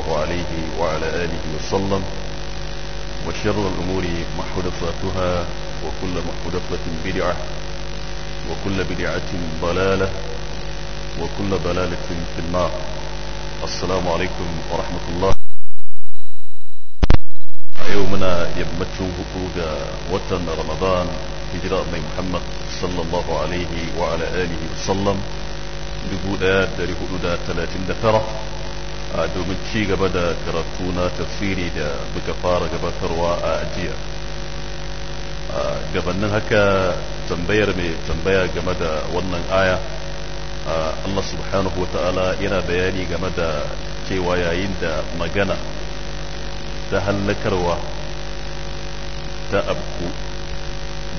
الله عليه وعلى آله وسلم وشر الأمور محدثاتها وكل محدثة بدعة وكل بدعة ضلالة وكل ضلالة في النار السلام عليكم ورحمة الله يومنا يمتشو حقوق وطن رمضان هجرة من محمد صلى الله عليه وعلى آله وسلم بقودات داري هدودا 39 domin ci gaba da karatu na tafsiri da buga fara gabatarwa a jiya gabanin haka tambayar mai tambaya game da wannan aya Allah subhanahu ta'ala yana bayani game da cewa yayin da magana ta hallakarwa ta abu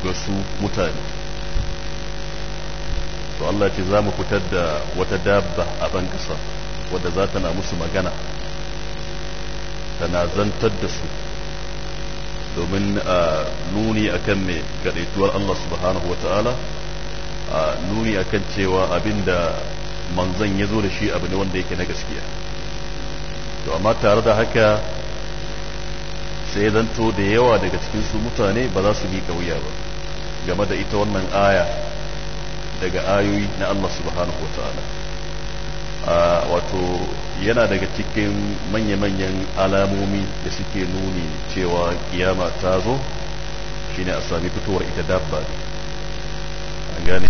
ga su mutane to Allah ce za mu fitar da wata dabba a ban ƙasa wadda za ta na musu magana tana zantar da su domin a nuni akan mai gaɗaituwar Allah subhanahu wa ta'ala a nuni akan cewa abinda manzan ya zo da shi abu ne wanda yake na gaskiya to amma tare da haka sai zanto da yawa daga cikin su mutane ba za su bi wuya ba game da ita wannan aya daga ayoyi na Allah subhanahu wa ta'ala wato yana daga cikin manya-manyan alamomi da suke nuni cewa kiyama ta zo shine a sami fitowar ita dabba an gane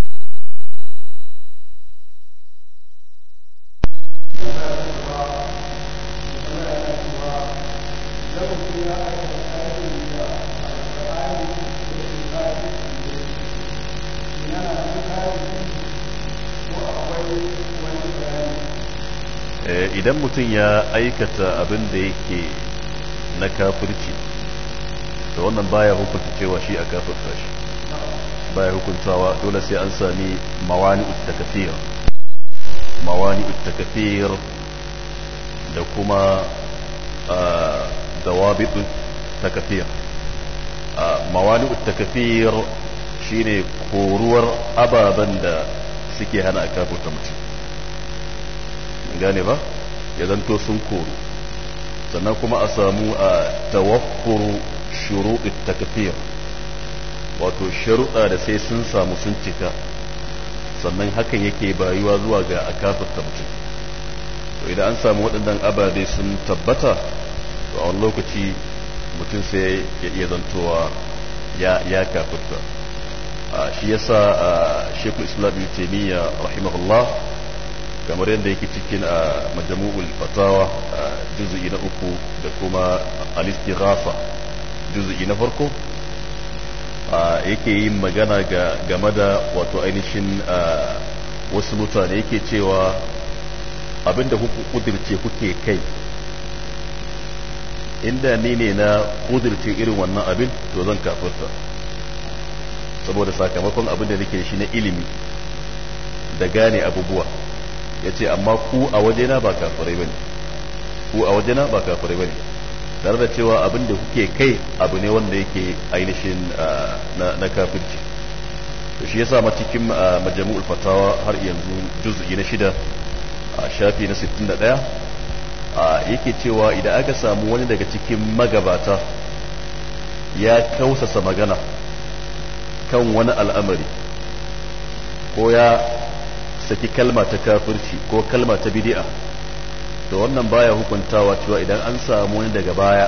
Thank you. Eh, idan mutum ya aikata abin da yake na kafirci da wannan baya hukunta cewa shi a kafirta shi baya hukuntawa dole sai an sami mawani uttakafir mawani uttakafir da kuma dawabit takafir mawani shi ne koruwar ababen da suke hana a kafirta mutum gane ba ya zanto sun koru sannan kuma a samu a tawakkuru shuruɗin takfir wato sharuɗa da sai sun samu sun cika sannan hakan yake bayuwa zuwa ga a kafirta to idan an samu waɗannan ababe sun tabbata to a wani lokaci mutum sai ya iya zantowa ya kafirta shi yasa shekul islam rahimahullah kamar yadda yake cikin a majamu'ul fatawa a juz'i na uku da kuma al-istighafa juz'i na farko a yake yin magana ga game da wato ainihin wasu mutane yake cewa abinda kuka kudirce kuke kai inda ni ne na kudirce irin wannan abin to zan kafarta saboda sakamakon abinda da nake shi na ilimi da gane abubuwa yace amma ku a wajena ba kafirai bane ku a wajena ba kafirai bane tare da cewa abin da kuke kai abu ne wanda yake ainihin na kafirci to shi yasa cikin majmu'ul fatawa har yanzu juz'i na shida a shafi na 61 yake cewa idan aka samu wani daga cikin magabata ya kausasa magana kan wani al'amari ko ya saki kalma ta kafirci ko kalma ta bidi'a to wannan baya hukuntawa cewa idan an samu wani daga baya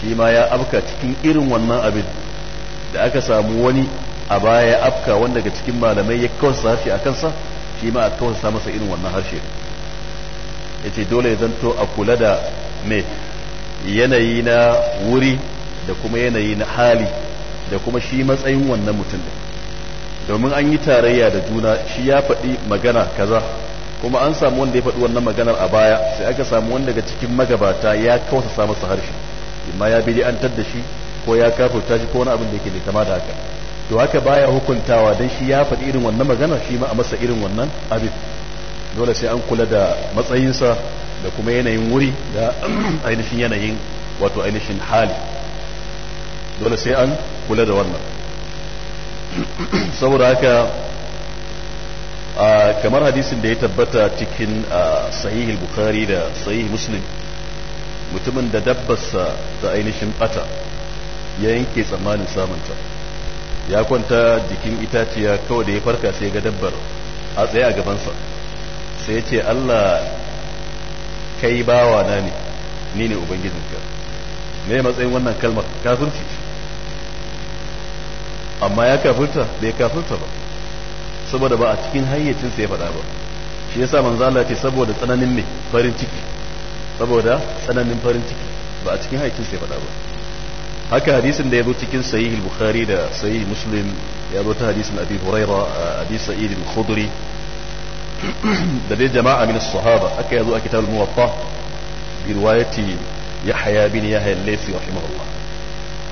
shi ma ya afka cikin irin wannan abin da aka samu wani a baya ya afka wanda daga cikin malamai ya kawasa harshe a kansa shi ma a sa masa irin wannan harshe ya ce dole ya zanto a kula da me yanayi na wuri da kuma yanayi na hali da kuma shi matsayin wannan mutum ɗin domin an yi tarayya da juna shi ya faɗi magana kaza kuma an samu wanda ya faɗi wannan maganar a baya sai aka samu wanda daga cikin magabata ya kawasa masa harshe amma ya bi an da shi ko ya kafurta shi ko wani abin da yake da da haka to haka baya hukuntawa dan shi ya faɗi irin wannan magana shi ma a masa irin wannan abin dole sai an kula da matsayinsa da kuma yanayin wuri da ainihin yanayin wato ainihin hali dole sai an kula da wannan saboda haka kamar hadisin da ya tabbata cikin sahih bukhari da sahih muslim mutumin da dabbarsa da ainihin bata ya yanke tsammanin samunta ya kwanta jikin itaciya kawai da ya farka sai ga dabbar a tsaye a gabansa sai ya ce allah kai bawa na ne ni ne ubangijinka ne matsayin wannan kalmar kafirci amma ya kafirta bai kafirta ba saboda ba a cikin hayyacin sa ya faɗa ba shi yasa manzo Allah ce saboda tsananin me farin ciki saboda tsananin farin ciki ba a cikin hayyacin sa ya faɗa ba haka hadisin da ya zo cikin sahih al-bukhari da sahih muslim ya zo ta hadisin abi huraira abi sa'id al-khudri da dai jama'a min as-sahaba haka ya zo a kitab al-muwatta bi riwayati yahya bin yahya al-laythi rahimahullah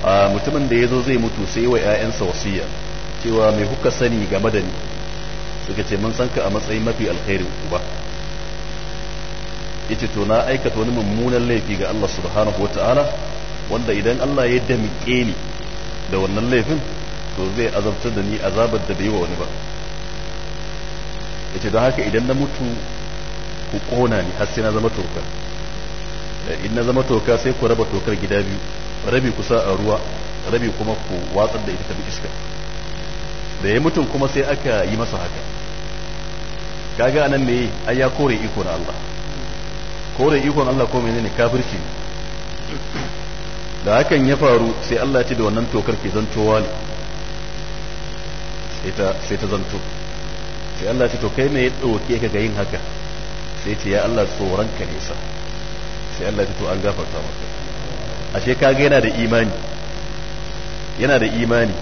mutumin da ya zo zai mutu sai wa 'ya'yansa wasiya cewa mai kuka sani game da ni suka ce mun san ka a matsayin mafi alkhairin uba yace to na aikata wani mummunan laifi ga Allah subhanahu wata'ala wanda idan Allah ya damƙe ni da wannan laifin to zai azabtar da ni azabar da bai wa wani ba yace don haka idan na mutu ku kona ni har sai na zama toka in na zama toka sai ku raba tokar gida biyu rabi kusa a ruwa rabi kuma ku watsar da ita tafi iska da ya mutum kuma sai aka yi masa haka kaga anan ne ai ya kore iko na Allah kore ikon Allah ko menene kafirci da hakan ya faru sai Allah ya ce da wannan tokar ke zantowa ne sai ta zanto sai Allah ce to kai me ya ɗauke ka ga yin haka sai ce ya Allah tsoranka ne sa sai Allah ce to an gafarta maka ashe kaga yana da imani yana da imani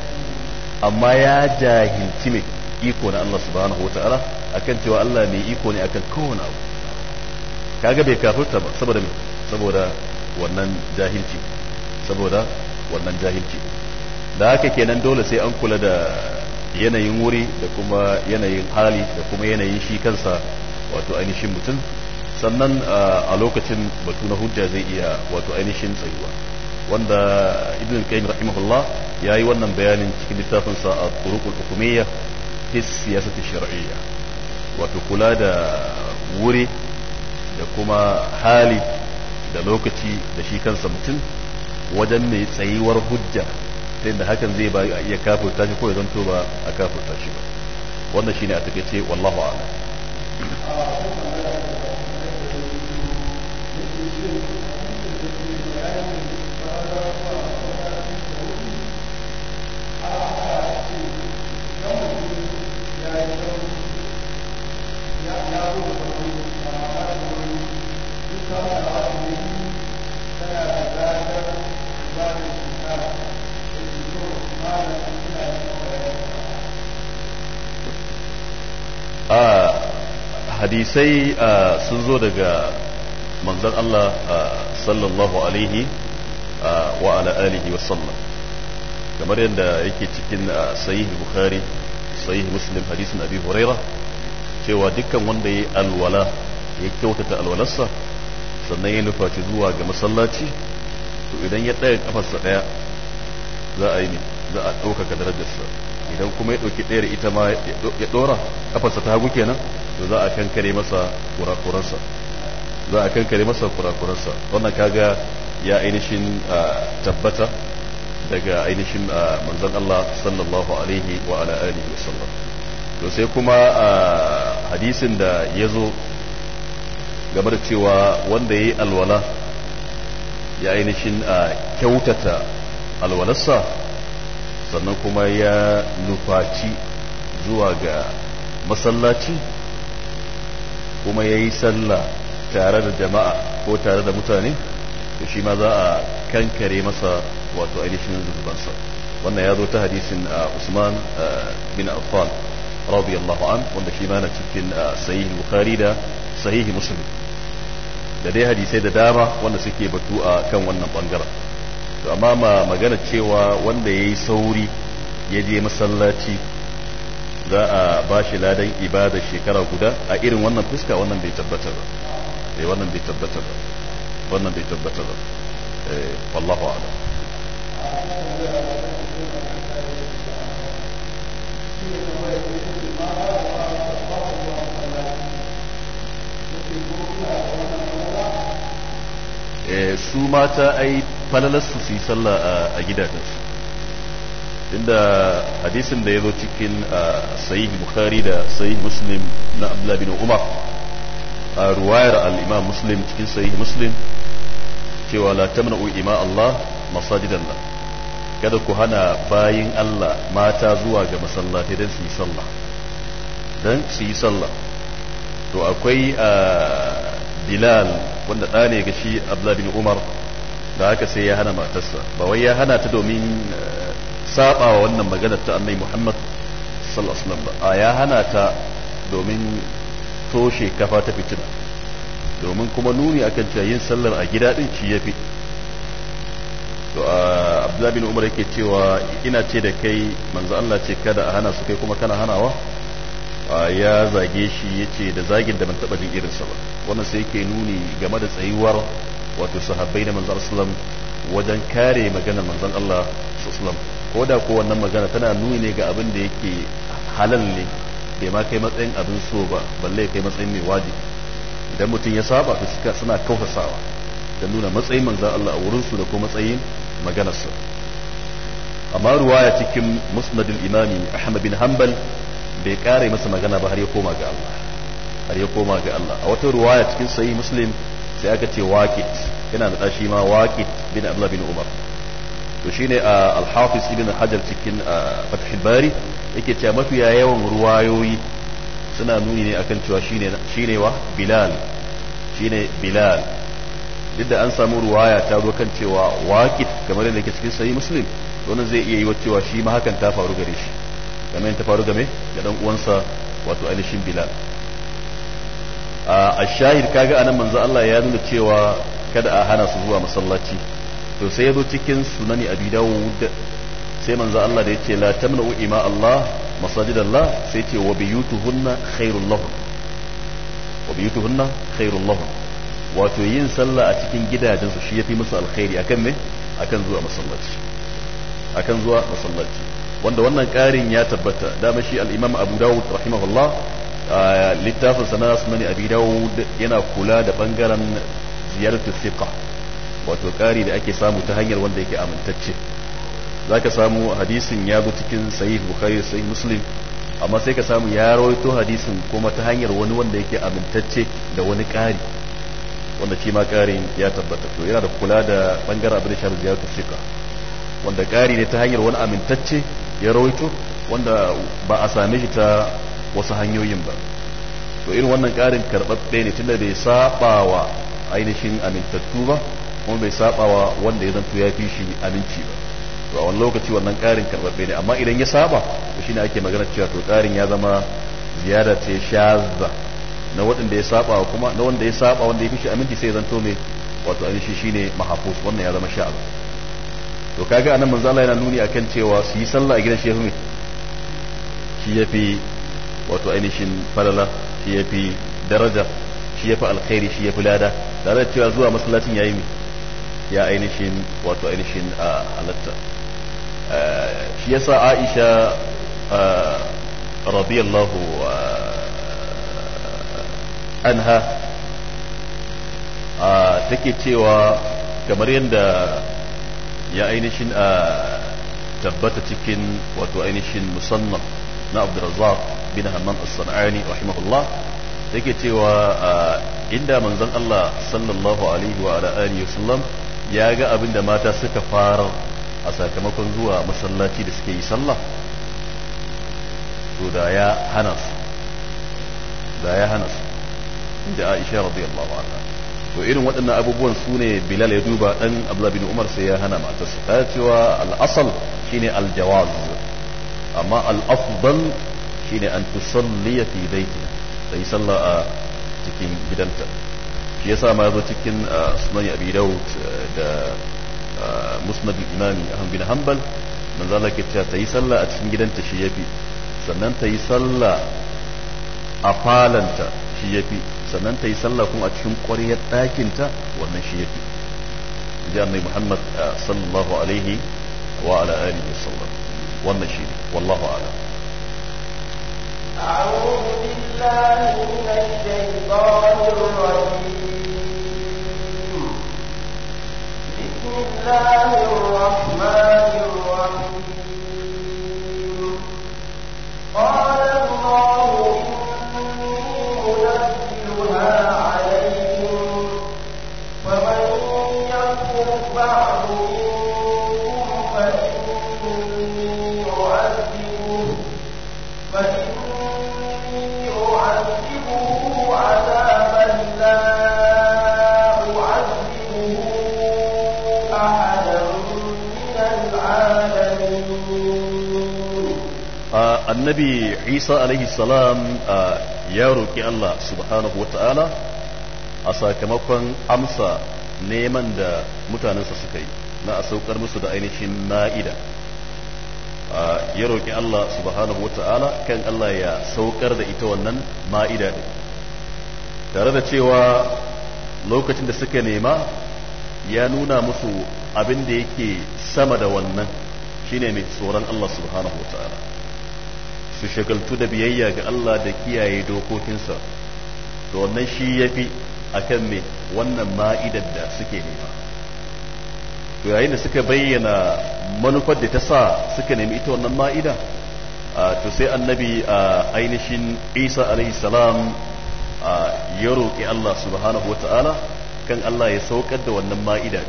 amma ya jahilci ne iko na Allah subhanahu wata'ala akan cewa Allah mai iko ne akan kowane abu kaga bai kafirta ba saboda me saboda wannan jahilci saboda wannan jahilci da haka kenan dole sai an kula da yanayin wuri da kuma yanayin hali da kuma yanayin shi kansa wato ainihin mutum sannan ah, a lokacin batu na hujja zai iya wato ainihin tsayuwa wanda ibn al-qayyim rahimahullah yayi wannan bayanin cikin littafin sa al-turuq al-hukumiyya fi siyasati shar'iyya wato kula da wuri da kuma hali da lokaci da shi kansa mutum wajen mai tsayuwar hujja ta yadda hakan zai ba iya kafurta shi ko ya zanto ba a kafurta shi ba wannan shine a takaice wallahu a'lam hadisai sun zo daga manzon Allah sallallahu alaihi wa ala alihi wa sallam kamar yadda yake cikin sahih bukhari sahih muslim hadisin abi huraira cewa dukkan wanda ya alwala ya kyautata alwalarsa sannan ya nufaci zuwa ga masallaci to idan ya ɗaya kafarsa daya za a yi ne za a ɗaukaka darajarsa idan kuma ya ɗauki ɗayar ita ma ya ɗora kafarsa ta hagu kenan to za a kankare masa kurakurarsa za a kankare masa kurakurarsa wannan kaga ya ainihin tabbata daga ainihin ah, manzon Allah sallallahu alaihi wa ala alihi sallam to sai kuma a ah, hadisin da ya zo game da cewa wanda ya yi alwala ya ainihin ah, kyautata alwalarsa sannan kuma ya nufaci zuwa ga masallaci kuma ya yi sallah tare da jama'a ko tare da mutane to shi ma za a kankare masa wato ainihin zunubansa wannan ya zo ta hadisin Usman bin Affan radiyallahu an wanda shi ma na cikin sahih Bukhari da sahih Muslim da dai hadisai da dama wanda suke batu a kan wannan bangaren to amma ma magana cewa wanda yayi sauri ya je masallaci za a ba shi ladan ibada shekara guda a irin wannan fuska wannan bai tabbatar eh, ba wannan bai tabbatar ba wannan bai tabbatar ba wallahu a'lam Eh, su mata ai falalar su yi sallah a gidajensu inda hadisin da ya zo cikin sayi bukhari da sayi muslim na Abdullahi bin umar a ruwayar al muslim cikin sayi muslim cewa la tamna'u ima Allah masajidallah kada ku hana bayin Allah mata zuwa ga masallatai dan su yi sallah don su yi sallah to akwai a Bilal wanda ɗa ne ga shi Abdullah bin Umar da haka sai ya hana matarsa ba wai ya hana ta domin saba wa wannan maganar ta annai Muhammad sallallahu alaihi wasallam ba a ya hana ta domin toshe kafa ta fitina domin kuma nuni akan cewa yin sallar a gida din shi yafi to abdullahi bin umar yake cewa ina ce da kai manzo Allah ce kada a hana su kai kuma kana hanawa ya zage shi ya ce da zagin da ban taba jin irinsa ba wannan sai yake nuni game da tsayuwar wato sahabbai na manzo sallam wajen kare magana manzon Allah sallam ko da ko wannan magana tana nuni ne ga abin da yake halal ne bai ma kai matsayin abin so ba balle kai matsayin mai wajibi idan mutum ya saba to suna kausasawa da nuna matsayin manzan Allah a wurin su da kuma matsayin maganarsa amma ruwaya cikin musnadul imami ahmad bin hanbal bai kare masa magana ba har ya koma ga Allah har ya koma ga Allah a wata ruwaya cikin sahih muslim sai aka ce waqit yana da shi ma waqit bin abdullah bin umar to shine al-hafiz ibn hajar cikin al bari yake cewa mafiya yawan ruwayoyi suna nuni ne akan cewa shine shine wa bilal shine bilal duk an samu ruwaya ta zo kan cewa waqid kamar yadda ke cikin sahih muslim wannan zai iya yi cewa shi ma hakan ta faru gare shi kamar ta faru game da dan uwansa wato ainihin bilal a shahid kaga anan manzo Allah ya nuna cewa kada a hana su zuwa masallaci to sai ya zo cikin sunani abi dawud sai manzo Allah da yace la tamna'u ima Allah masajid Allah sai ce wa biyutuhunna khairul lahum wa biyutuhunna khairul lahum wato yin sallah a cikin gidajensu shi ya fi musu alkhairi akan me akan zuwa masallaci akan zuwa masallaci wanda wannan ƙarin ya tabbata dama shi al-imam abu dawud rahimahullah littafin sana sunan abi dawud yana kula da bangaren ziyartu thiqa wato ƙari da ake samu ta hanyar wanda yake amintacce zaka samu hadisin ya cikin sahih bukhari sahih muslim amma sai ka samu ya rawaito hadisin kuma ta hanyar wani wanda yake amintacce da wani ƙari wanda shi ma ya tabbata to yana da kula da bangaren abin da shafi ziyartar shika wanda ƙari ne ta hanyar wani amintacce ya rawaito wanda ba a same shi ta wasu hanyoyin ba to irin wannan ƙarin karɓaɓɓe ne tunda bai saba wa ainihin amintattu ba kuma bai saba wa wanda ya zanto ya fi shi aminci ba to a wani lokaci wannan ƙarin karɓaɓɓe ne amma idan ya saba to shine ake magana cewa to ƙarin ya zama ziyara ce shazza na waɗanda ya saba kuma na wanda ya saba wanda ya fi shi aminci sai zanto mai wato shi shine mahafus wannan ya zama sha'ar. to kaga anan manzala yana nuni akan cewa su yi sallah a gidan shi yafi shi yafi wato ainihin falala shi yafi daraja shi yafi alkhairi shi yafi lada tare da cewa zuwa masallacin yayi mai ya ainihin wato ainihin halatta eh, shi yasa Aisha eh, radiyallahu eh, anha a take cewa kamar yadda ya ainihin a tabbata cikin wato ainihin musannaf na abdurrazzaq bin hamman as-sanani rahimahullah take cewa inda manzon Allah sallallahu alaihi wa alihi wasallam ya ga abin da mata suka fara a sakamakon zuwa masallaci da suke yi sallah to da ya hana su da ya hana su inda Aisha radiyallahu anha to irin waɗannan abubuwan su ne Bilal ya duba ɗan Abdullah bin Umar sai ya hana matarsa ta cewa al-asal shine al-jawaz amma al-afdal shine an tusalliya fi baitiha sai sallah a cikin gidanta shi yasa ma yazo cikin sunan Abi Dawud da musnad al-Imam Ahmad bin Hanbal manzo Allah ke cewa ta yi sallah a cikin gidanta shi yafi sannan ta yi sallah a falanta shi yafi sannan ta yi sallah kuma a cikin ƙwaryar ɗakinta wannan shi yafi ji annai muhammad sallallahu alaihi wa ala alihi sallam wannan shi ne wallahu ala أعوذ بالله من الشيطان الرجيم بسم الله الرحمن الرحيم قال annabi isa alaihi salam ya roƙi allah subhanahu wa ta'ala a sakamakon amsa neman da mutanensa suka yi na a saukar musu da ainihin na'ida ya roƙi allah subhanahu wa ta'ala kan allah ya saukar da ita wannan ma'ida ne tare da cewa lokacin da suka nema ya nuna musu abin da yake sama da wannan shine mai tsoron Allah subhanahu wa ta'ala su shagaltu da biyayya ga Allah da kiyaye dokokinsa to wannan shi yafi akan me wannan ma'idar da suke nema to yayin da suka bayyana manufar da ta sa suka nemi ita wannan ma'ida to sai annabi ainihin Isa alaihi salam ya roƙi Allah subhanahu wata'ala kan Allah ya saukar da wannan ma'ida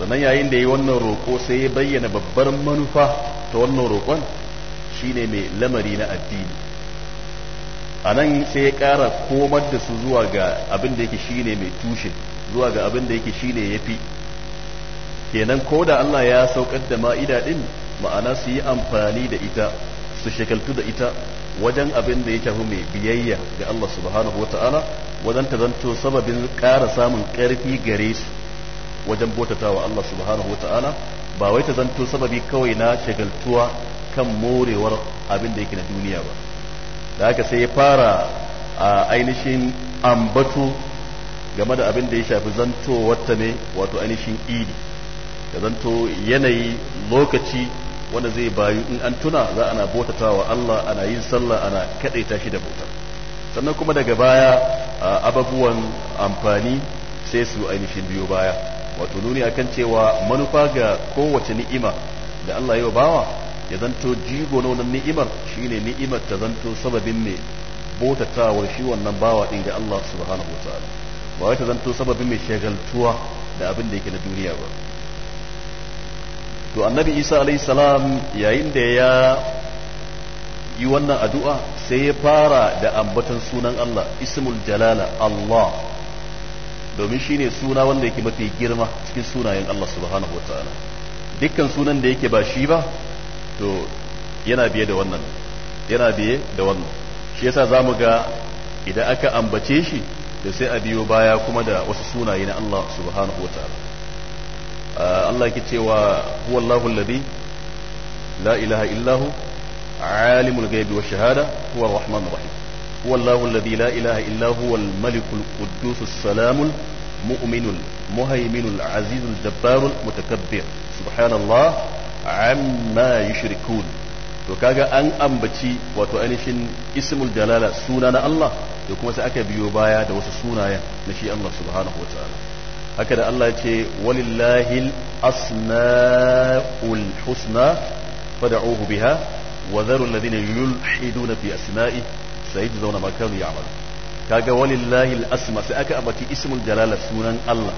sannan yayin da ya yi wannan roƙo sai ya bayyana babbar manufa ta wannan roƙon shine mai lamari na addini a nan sai ya kara komar da su zuwa ga abin da yake shine mai tushe zuwa ga abin da yake shine ya fi kenan ko da Allah ya saukar da ma'ida ɗin ma'ana su yi amfani da ita su shekaltu da ita wajen abin da ya tafi mai biyayya ga Allah subhanahu wa ta'ala wajen ta zanto sababin ƙara samun ƙarfi gare su wajen bautatawa Allah subhanahu wa ta'ala ba wai ta zanto sababi kawai na shagaltuwa kan morewar abin da yake na duniya ba da haka sai ya fara a ainihin ambato game da abin da ya shafi wata ne wato ainihin idi da zanto yanayi lokaci wanda zai bayu in an tuna za ana bautata wa Allah ana yin sallah ana kadaita shi da bauta sannan kuma daga baya ababuwan amfani sai su ainihin biyo baya wato nuni akan cewa manufa ga kowace ni'ima da Allah ya bawa ya zanto jigo na wannan ni'imar shine ni'imar ta zanto sababin ne botatawar shi wannan bawa din ga Allah subhanahu wa ba wai ta zanto sababin mai shagaltuwa da abin da yake na duniya ba to annabi Isa alaihi salam yayin da ya yi wannan addu'a sai ya fara da ambaton sunan Allah ismul jalala Allah domin shine suna wanda yake mafi girma cikin sunayen Allah subhanahu wa dukkan sunan da yake ba shi ba to yana biye da wannan yana biye da wannan shi yasa za mu ga idan aka ambace shi da sai a biyo baya kuma da wasu sunaye na Allah subhanahu wa ta'ala ah, Allah ke cewa huwallahu alladhi la ilaha illahu alimul ghaibi wash shahada huwa arrahmanur rahim huwallahu alladhi la ilaha illa huwal malikul quddusus salamul mu'minul muhayminul azizul jabbarul mutakabbir subhanallah amma yushrikun to kaga an ambaci wato ainihin ismul dalala suna na Allah da kuma sai aka biyo baya da wasu sunayen na shi Allah subhanahu wa ta'ala haka da Allah ce walillahi asmaul husna fad'uhu biha wa dharu alladhina yulhiduna fi asma'i sayajzawna ma kanu ya'malun kaga walillahi asma sai aka ambaci ismul dalala sunan Allah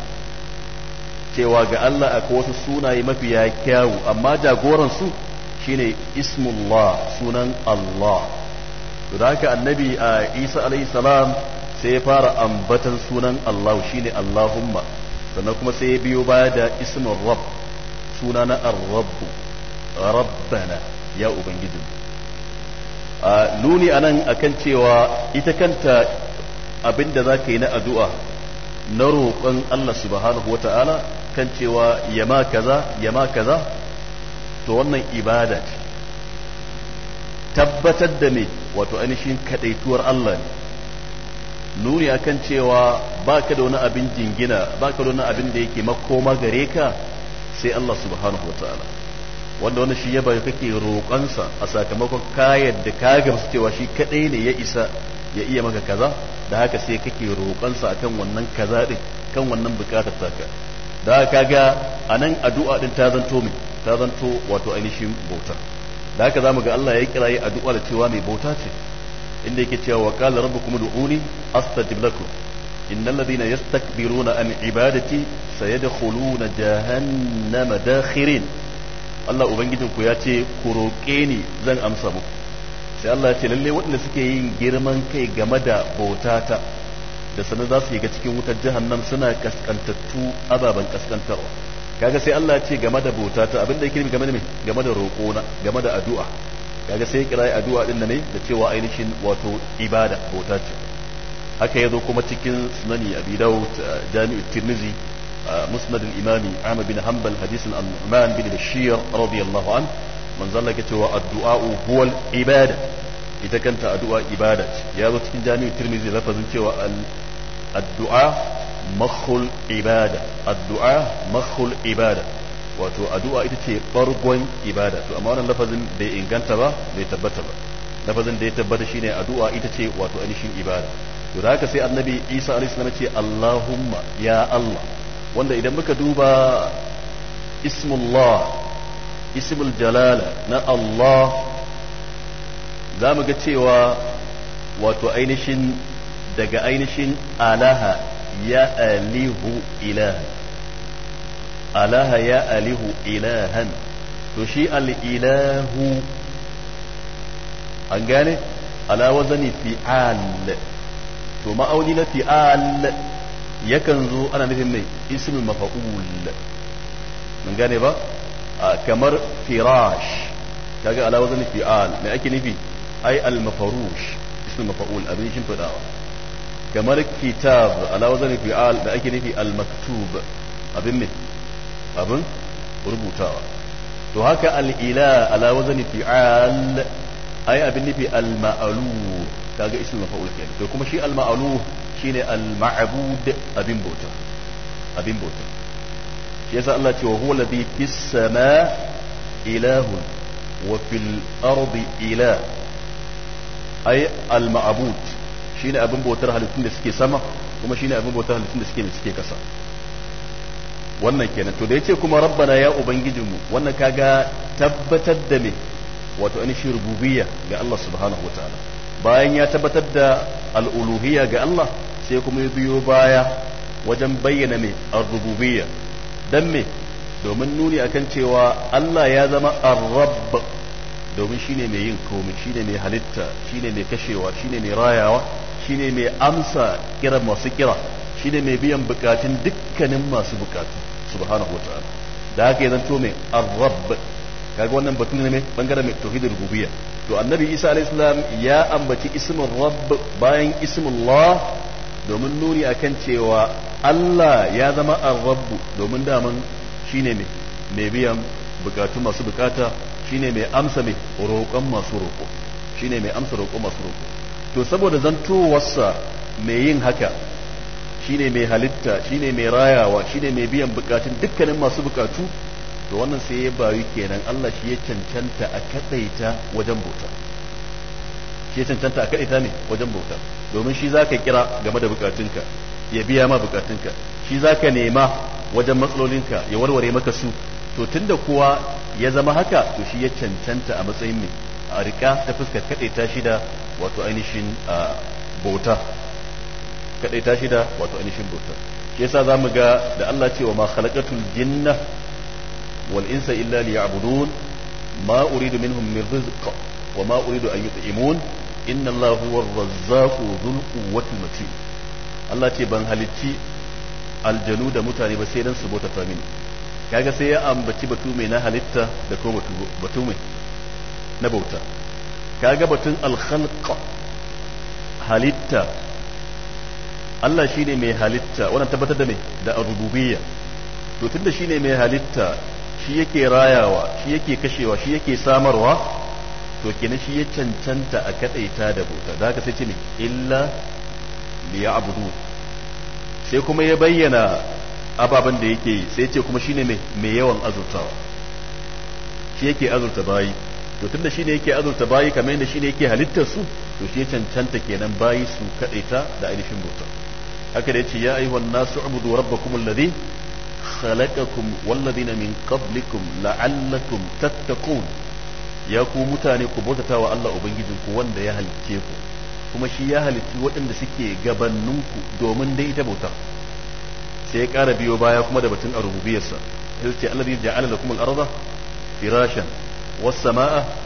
cewa ga Allah akwai wasu sunaye mafiya kyawu amma jagoran su shine ismullah sunan Allah da haka annabi a Isa alaihi salam sai ya fara ambatan sunan Allah shine Allahumma sannan kuma sai ya biyo baya da ismin Rabb suna na Ar-Rabb Rabbana ya ubangiji a nuni anan akan cewa ita kanta abinda zaka yi na addu'a na roƙon Allah subhanahu wata'ala kan cewa yama kaza yama kaza to wannan ibada ce tabbatar da me wato ainihin kaɗaituwar Allah ne nuni akan cewa baka da wani abin jingina baka da wani abin da yake makoma gare ka sai Allah subhanahu wataala wanda wani shi ya kake roƙonsa a sakamakon kayan da ka gamsu cewa shi kaɗai ne ya isa ya iya maka kaza da haka sai kake roƙonsa akan wannan kaza din kan wannan bukatar taka da kaga nan addu'a din ta zanto mai ta zanto wato ainihin bauta da haka zamu ga Allah ya kira yi addu'a da cewa mai bauta ce inda yake cewa wa qala rabbukum ud'uni astajib lakum innal ladina yastakbiruna an ibadati sayadkhuluna jahannama dakhirin Allah ubangijin ku ya ce ku roƙe ni zan amsa muku sai Allah ya ce lalle waɗanda suke yin girman kai game da bautata da sanin za su ga cikin wutar jahannam suna kaskantattu ababen kaskantarwa kaga sai Allah ya ce game da bauta ta abinda yake game da me game da roƙo na game da addu'a kaga sai kirai addu'a din ne da cewa ainihin wato ibada bauta ce haka yazo kuma cikin sunani abi daud jami'u tirmizi musnad al-imam ahmad bin hanbal hadisin al-nu'man bin bashir radiyallahu an man zalla ke cewa addu'a huwal ibada ita kanta addu'a ibada ce ya zo cikin jami'u tirmizi lafazin cewa addu'a makhul ibada addu'a makhul ibada wato addu'a ita ce bargon ibada to amma wannan lafazin bai inganta ba bai tabbata ba lafazin da ya tabbata shine addu'a ita ce wato ainihin ibada to da haka sai annabi Isa alaihi salam ce Allahumma ya Allah wanda idan muka duba ismullah ismul jalala na Allah za mu ga cewa wato ainihin daga ainihin alaha ya alihu ilahan alaha ya alihu ilahan to shi al'ilahu an gane ala wazani fi'al to ma'auni na fi'al yakan zo ana nufin mai ismin mafa'ul mun gane ba kamar firash kaga ala wazani fi'al mai ake nufi ai al-mafarush ismin mafa'ul abin shin fadawa kamar kitab ala wazani al da ake nufi al-maktub abin ne abin rubutawa to haka al-ila ala wazani al ay abin nufi al-ma'alu kaga ismul mafaul kenan to kuma shi al-ma'alu shine al-ma'bud abin bota abin bota shi yasa Allah ce wa huwa ladhi fis sama ilahun wa fil ardi ilah ay al-ma'bud shine abin bautar halittun da suke sama kuma shine abin bautar halittun da suke da suke kasa wannan kenan to da yace kuma rabbana ya ubangijinmu wannan kaga tabbatar da me wato shi rububiyya ga Allah subhanahu wataala bayan ya tabbatar da al'uluhiyya ga Allah sai kuma ya biyo baya wajen bayyana me ar-rububiyya dan me domin nuni akan cewa Allah ya zama ar-rabb domin shine mai yin komai shine mai halitta shine mai kashewa shine mai rayawa shine mai amsa kira masu kira shine mai biyan bukatun dukkanin masu bukatu subhanahu wa ta'ala da haka ya zanto mai arrab kaga wannan batu ne mai bangaren mai tauhidul rububiyya to annabi isa alayhi salam ya ambaci ismin rabb bayan allah domin nuni akan cewa Allah ya zama arrabbu domin daman shine mai mai biyan bukatu masu bukata shine mai amsa mai roƙon masu roƙo shine mai amsa roƙon masu roƙo to saboda zantowarsa mai yin haka shine mai halitta shine mai rayawa shine mai biyan bukatun dukkanin masu bukatu to wannan sai ya bayu kenan Allah shi ya cancanta a kadaita wajen bauta shi ya cancanta a kadaita ne wajen bauta domin shi zaka kira game da bukatunka ya biya ma bukatunka shi zaka nema wajen matsalolinka ya warware maka su to tunda kowa ya zama haka to shi ya cancanta a matsayin ne a rika ta fuskar kadaita shi da wato ainihin bauta kadaita shi da wato ainihin bauta shi yasa mu ga da Allah cewa ma khalaqatul jinna wal insa illa liya'budun ma uridu minhum min rizq wa ma uridu an yut'imun inna Allah huwa ar-razzaqu dhul quwwati matin Allah ce ban halicci aljanu da mutane ba sai dan su bauta ta mini kaga sai ya ambaci batu mai na halitta da kuma batu mai na bauta kaga batun alkhalqa halitta Allah shine mai halitta wannan tabbatar da me da rububiyya to tunda shine mai halitta shi yake rayawa shi yake kashewa shi yake samarwa to kenan shi ya cancanta a kadaita da bauta da haka sai ce ne illa ya'budu sai kuma ya bayyana ababen da yake yi sai ce kuma shine mai yawan azurtawa shi yake azurta bayi to tunda shine yake azurta bayi kamar yadda shine yake halittar su to shi cancanta kenan bayi su ta da ainihin bauta haka da yace ya ayyuhan nasu ubudu rabbakum alladhi khalaqakum walladhina min qablikum la'allakum tattaqun ya ku mutane ku bautata wa Allah ubangijinku wanda ya halicce ku kuma shi ya halicci waɗanda suke gabaninku domin dai ta bautar sai ya ƙara biyo baya kuma da batun a rububiyarsa ya ce Allah ya ja'ala lakum al-ardha firashan والسماء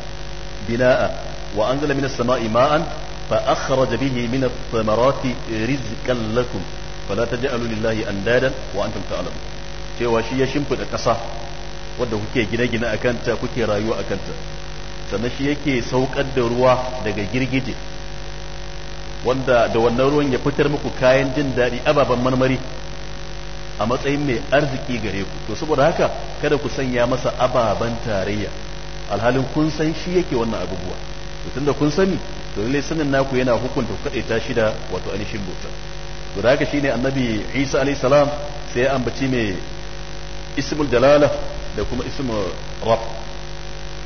بناء وأنزل من السماء ماء فأخرج به من الثمرات رزقا لكم فلا تجعلوا لله أندادا وأنتم تعلمون cewa shi ya shimfiɗa ƙasa wadda kuke gine-gine a kanta kuke rayuwa a kanta sannan shi yake saukar da ruwa daga girgije wanda da wannan ruwan ya fitar muku kayan jin daɗi ababen marmari a matsayin mai arziki gare ku to saboda haka kada ku sanya masa ababen tarayya alhalin kun san shi yake wannan abubuwa to tunda kun sani to lalle sanin naku yana hukunta ku kadaita shi da wato ainihin bauta to da haka shine annabi Isa alayhi salam sai ya ambaci mai ismul dalala da kuma ismul rabb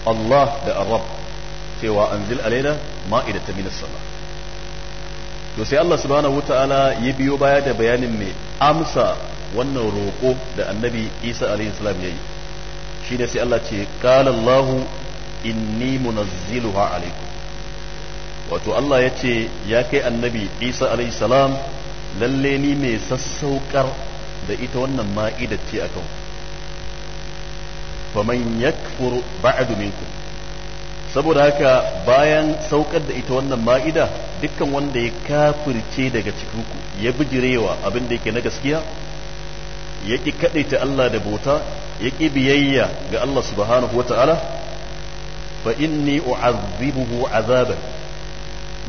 Allah da Arab rabb cewa anzil alaina ma'idatan minas sama to sai Allah subhanahu wataala ya biyo baya da bayanin mai amsa wannan roƙo da annabi Isa alayhi salam yayi shine sai Allah ce qala Allah inni munazziluha alaikum wato Allah ya ce ya kai annabi Isa alaihi salam lalle ni mai sassaukar da ita wannan ma'idar ce akan faman yakfur ba'du minkum saboda haka bayan saukar da ita wannan ma'ida dukkan wanda ya kafirce daga cikinku ya bijirewa abin da yake na gaskiya ya ƙi kaɗaita Allah da bota ya ƙi biyayya ga Allah subhanahu wata'ala fa inni u'azzibuhu azaban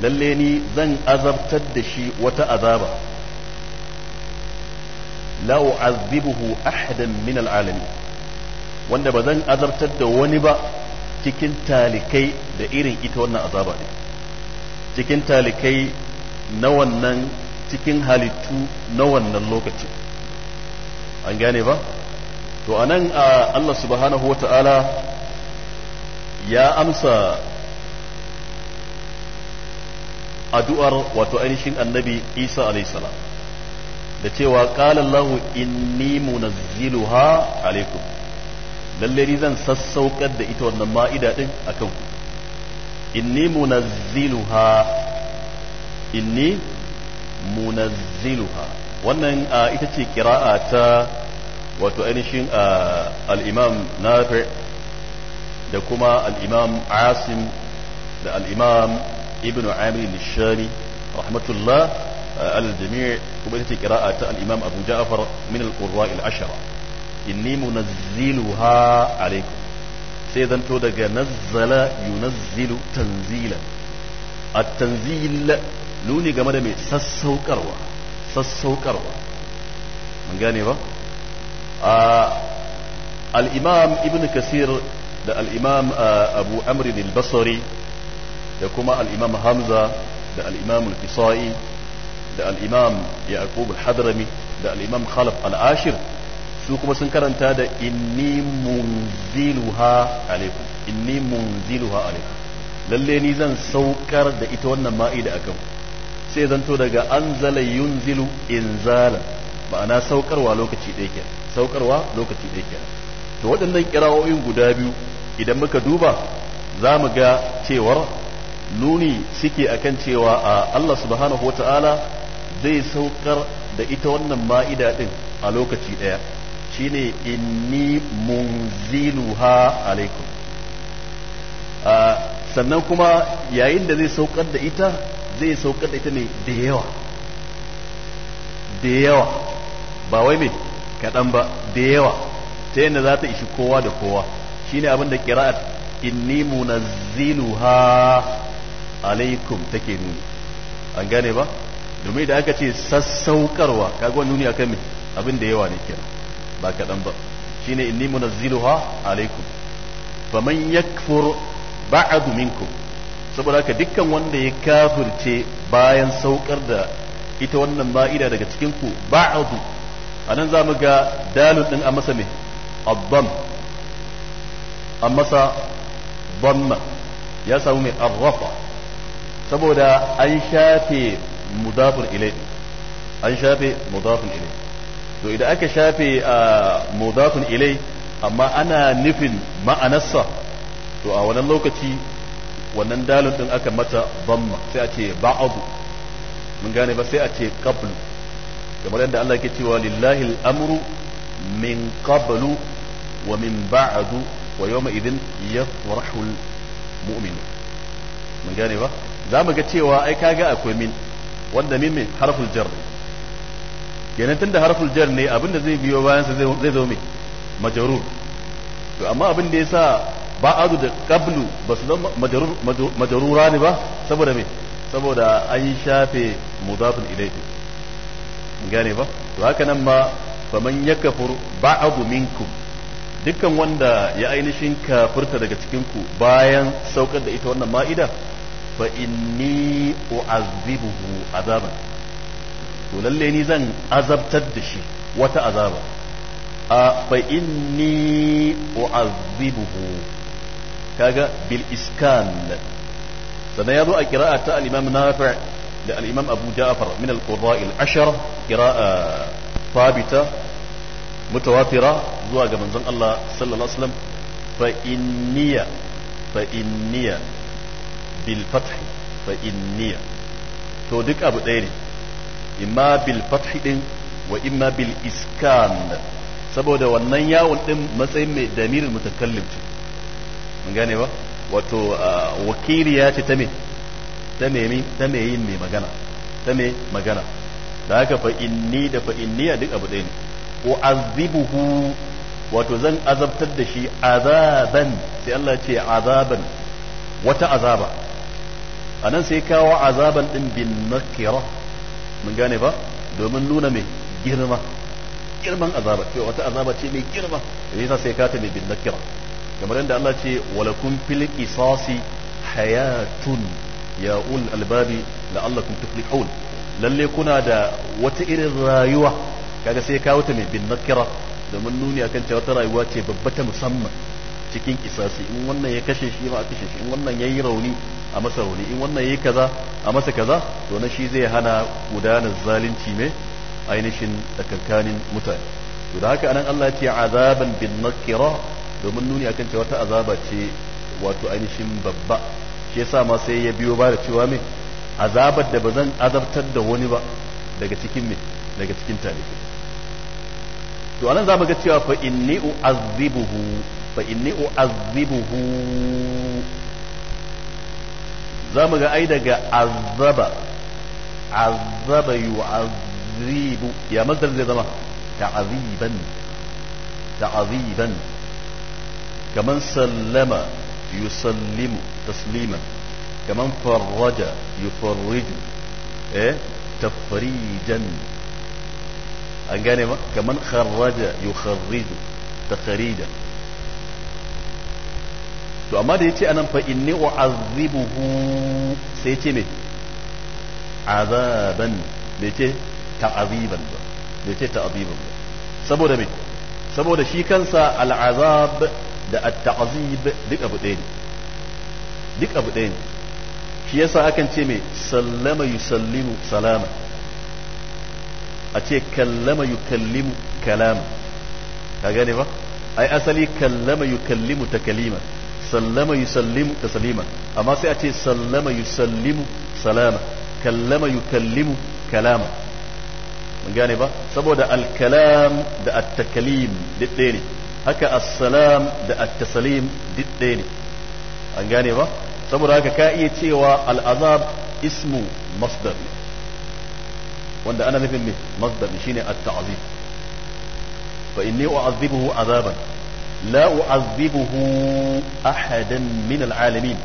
lalle ni zan azabtar da shi wata azaba la u'azzibuhu ahadan min al'alami wanda ba zan azabtar da wani ba cikin talikai da irin ita wannan azaba ne cikin talikai na wannan cikin halittu na wannan lokaci an gane ba to anan Allah subhanahu wata'ala ya amsa addu'ar wato ainihin annabi Isa alaihissalam da cewa qala Allahu inni munazziluha alaikum lalle ni zan sassaukar da ita wannan ma'ida a kan ku inni munazziluha inni munazziluha wannan ita ce kira'a ta wato ainihin al'imam nafi da kuma al'imam asim da al'imam ibn amir nishari rahmatullah al-jami' kuma ita ce ta al'imam abu ja'afar min al-qurra al-ashara inni munazziluha alaikum sai zanto daga nazzala yunazzilu tanzila at-tanzil nuni game da mai sassaukarwa sassaukarwa mun gane ba al'imam ibn kasir da al'imam abu amrin al-basari da kuma al'imam hamza da al'imam al-kisa'i da al'imam yaqub al-hadrami da al'imam khalaf al-ashir su kuma sun karanta da inni munziluha alaikum inni munziluha ni zan saukar da ita wannan ma'ida akan sai zanto daga zala yunzilu zala ma'ana saukarwa lokaci ɗaya kenan saukarwa lokaci ɗaya kenan to waɗannan kirawoyin guda biyu idan muka duba za mu ga cewar nuni suke akan cewa a Allah subhanahu wa ta'ala zai saukar da ita wannan ma'ida ɗin a lokaci ɗaya shine inni munziluha alaikum a sannan kuma yayin da zai saukar da ita zai saukar da ita ne da yawa da yawa ba wai me kaɗan ba da yawa ta yadda za ta ishi kowa da kowa shine abin da kira'at inni munazziluha alaikum take nuni an gane ba domin da aka ce sassaukarwa kaga nuni akan me abin da yawa ne kira ba kaɗan ba shine inni munazziluha alaikum faman yakfur ba'du minkum saboda haka dukkan wanda ya kafirce bayan saukar da ita wannan ma'ida daga cikin ku ba'du anan za mu ga dalil din a masa ne abban a masa bamma ya samu mai arrafa saboda an shafe mudafin ilai an shafe mudafin ilai to idan aka shafe a mudafin ilai amma ana nufin ma'anarsa to a wannan lokaci wannan dalil din aka mata bamma sai a ce ba'adu mun gane ba sai a ce qablu kamar yadda Allah ke cewa lillahi al'amru min qablu wa min ba'du wa yawma idin yafrahu al-mu'minu mun gane ba za mu ga cewa ai kaga akwai min wanda min min harful jar kenan tunda harful jar ne abinda zai biyo bayan sa zai zo mai majrur to amma abin da yasa ba'adu da qablu ba su zama majrur majrura ne ba saboda me saboda an shafe mudafin ilayhi gane ba to haka nan ma faman ba abu minkum dukkan wanda ya ainihin kafurta daga cikin ku bayan saukar da ita wannan ma'ida fa inni uazibuhu azaban to lalle ni zan azabtar da shi wata azaba a fa inni uazibuhu kaga bil iskan sannan ya zo a kira'a ta al-imam nafi' da al-imam abu ja'far min al-qurra'i ashar ashara Fabita thabita mutawatira zuwa ga manzon Allah sallallahu alaihi wasallam fa'inniya inniya fa inniya to duk abu ɗaya ne imma bil fath din wa imma bil iskan saboda wannan yawon din matsayin mai damirin mutakallim ce mun gane ba wato ah, wakiliya ce ta me ta me ta me yin me magana ta me magana da haka fa inni da fa inniya duk abu ɗaya ne u'azzibuhu wato zan azabtar da shi azaban sai Allah ce azaban wata azaba anan sai kawo azaban din bin nakira mun gane ba domin nuna mai girma girman azaba ce wata azaba ce mai girma da yasa sai kata mai bin nakira kamar yadda Allah ce walakum fil qisasi hayatun ya ul albabi la'allakum tuflihun lalle kuna da wata irin rayuwa kaga sai kawo ta mai bin nakira domin nuni akan cewa ta rayuwa ce babba ta musamman cikin kisasi in wannan ya kashe shi ma a kashe shi in wannan ya yi rauni a masa rauni in wannan ya yi kaza a masa kaza to na shi zai hana gudanar zalunci mai ainihin tsakankanin mutane to da haka anan Allah ya ce azaban bin nakira domin nuni akan cewa ta azaba ce wato ainihin babba ke sa ma sai ya biyo ba da cewa me azabar da ba zan azabtar da wani ba daga cikin me daga cikin talibi to anan za mu ga cewa fa inni u'azibuhu fa inni u'azibuhu za mu ga ai daga azaba azaba yu'azibu ya masdar zai zama ta'aziban ta'aziban kaman sallama yusallimu tasliman kaman farraja yufarriju eh tafrijan ba kaman kharraja yukharriju to amma da yace anan fa inni u'azzibuhu sai yace me azaban bai ce ta'aziban ba bai ce ta'aziban ba saboda me saboda shi kansa al'azab da at-ta'zib duk abu ɗaya ne duk abu ɗaya ne shi yasa akan ce mai sallama yusallimu salama a ce kallama yukallimu kalama ka gane ba ai asali kallama yukallimu ta kalima sallama yusallimu ta salima amma sai a ce sallama yusallimu salama kallama yukallimu kalama mun gane ba saboda al-kalam da at-takalim duk ɗaya ne haka assalam da at-taslim duk ɗaya ne an gane ba saboda haka ka iya cewa al'azab ismu masdar wanda ana nufin ne masdar shine at-ta'zib fa inni u'azibuhu azaban la u'azibuhu ahadan min al-alamin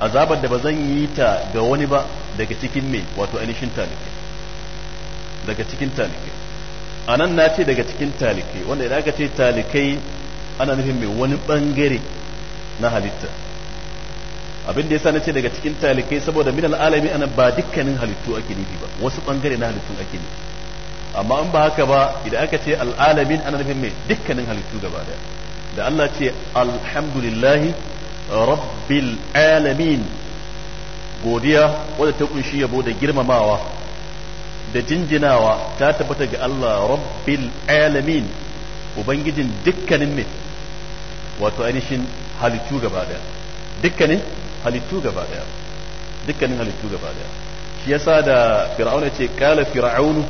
azabar da ba zan yi ta ga wani ba daga cikin me wato ainihin talibai daga cikin talibai a nan na ce daga cikin talikai wanda idan aka ce talikai ana nufin mai wani bangare na halitta abin da yasa na ce daga cikin talikai saboda min al'alami ana ba dukkanin halittu ake nufi ba wasu bangare na halittu ake nufi amma an ba haka ba idan aka ce al'alamin ana nufin mai dukkanin halittu gaba daya da Allah ce alhamdulillahi rabbil alamin godiya wadda ta kunshi yabo da girmamawa da jinjinawa ta tabbata ga Allah rabbil alamin ubangijin dukkanin ne wato ainihin halittu gaba daya dukkanin halittu gaba daya dukkanin halittu gaba daya shi yasa da fir'auna ce qala fir'aunu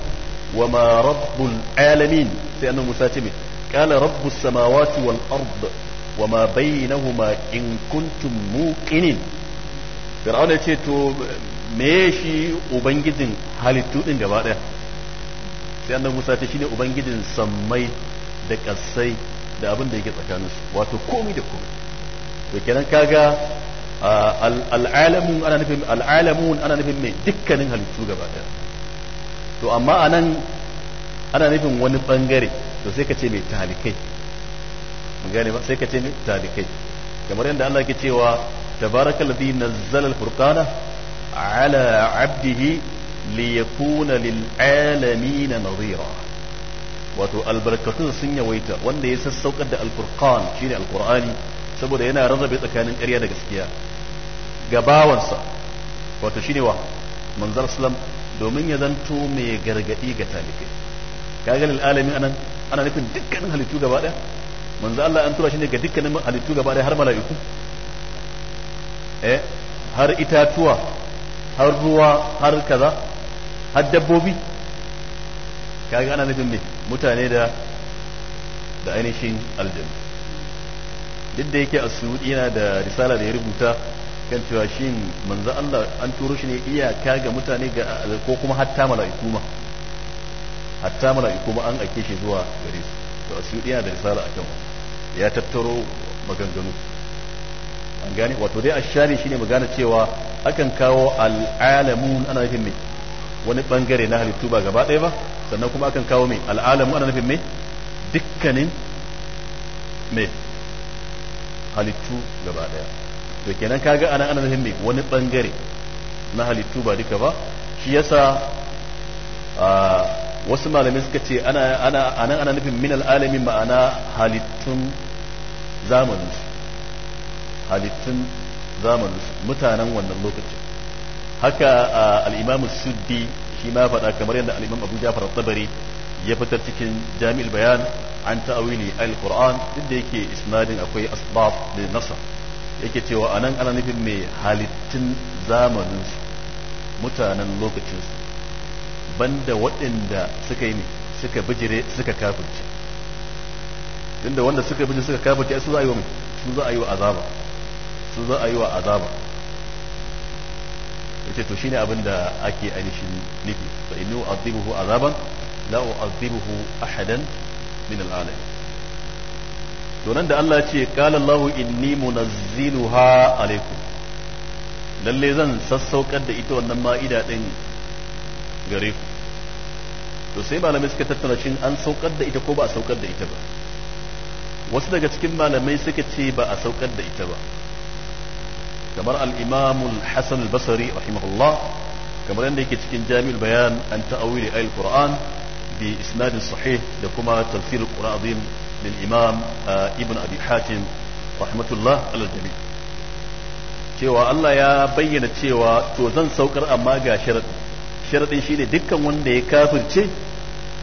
wa ma rabbul alamin sai annabi Musa ce me qala rabbus samawati wal ard wa ma bainahuma in kuntum muqinin fir'auna ce to meye shi ubangijin halittu din gaba daya sai annabi Musa ta shine ubangijin sammai da kasai da abin da yake tsakaninsu wato komai da komai to kenan kaga al'alamun ana nufin al'alamun ana nufin mai dukkanin halittu gaba daya to amma anan ana nufin wani bangare to sai ka ce mai talikai mun gane ba sai ka ce mai talikai kamar yadda Allah ke cewa tabarakallazi nazzala al-furqana على عبده ليكون للعالمين نظيرا wato albarkatun sun yawaita wanda ya sassaukar da alfurqan shine alqur'ani saboda yana rarrabe tsakanin ƙarya da gaskiya ga bawansa wato shine wa manzar islam domin ya zanto mai gargadi ga talibai kaga lil alamin anan ana nufin dukkanin halittu gaba daya manzo Allah an tura shi ne ga dukkanin halittu gaba daya har mala'iku eh har itatuwa har ruwa har kaza har dabbobi kaga ana nufin me mutane da da ainihin aljanna duk da yake suudi yana da risala da ya rubuta kan cewa shi manzo Allah an turo shi ne iyaka ga mutane ga ko kuma hatta mala'iku ma hatta mala'iku ma an ake shi zuwa gare su to suudi yana da risala akan ya tattaro maganganu an gane wato dai ashari shine magana cewa akan kawo al'alamun ana nufin mai wani bangare na halittu ba gaba ɗaya ba sannan kuma akan kawo mai al'alamun ana nufin mai dukkanin mai halittu gaba ɗaya to kenan kaga anan ana nufin mai wani bangare na halittu ba duka ba shi yasa wasu malami suka ce ana ana ana nufin min al'alamin ma'ana halittun zamanin halittun zamanin mutanen wannan lokacin haka al-imam suddi shi ma faɗa kamar yadda al-imam abu jafar tabari ya fitar cikin jami'il bayan an ta'awili al-qur'an duk da yake isnadin akwai asbab da nasa yake cewa anan ana nufin mai halittun zamanin mutanen lokacin su banda waɗanda suka yi ne suka bijire suka kafirce inda wanda suka bijire suka kafirce su za a yi wa azaba su za a yi wa azaba yace to shine abin da ake ainihin nufi fa inni u'adhibuhu azaban la u'adhibuhu ahadan min al'alam to nan da Allah ya ce qala Allahu inni munazziluha alaikum lalle zan sassaukar da ita wannan ma'ida din gare ku to sai malamai suka tattauna shin an saukar da ita ko ba a saukar da ita ba wasu daga cikin malamai suka ce ba a saukar da ita ba kamar al-imam al-hasan al-basri rahimahullah kamar inda yake cikin jami'ul bayan an ta'awili al-qur'an bi isnadin sahih da kuma tafsir al-qur'an azim lil imam uh, ibn abi hatim rahmatullah al-jami cewa Allah ya bayyana cewa to zan saukar amma ga sharadin sharadin shine dukkan wanda ya kafirce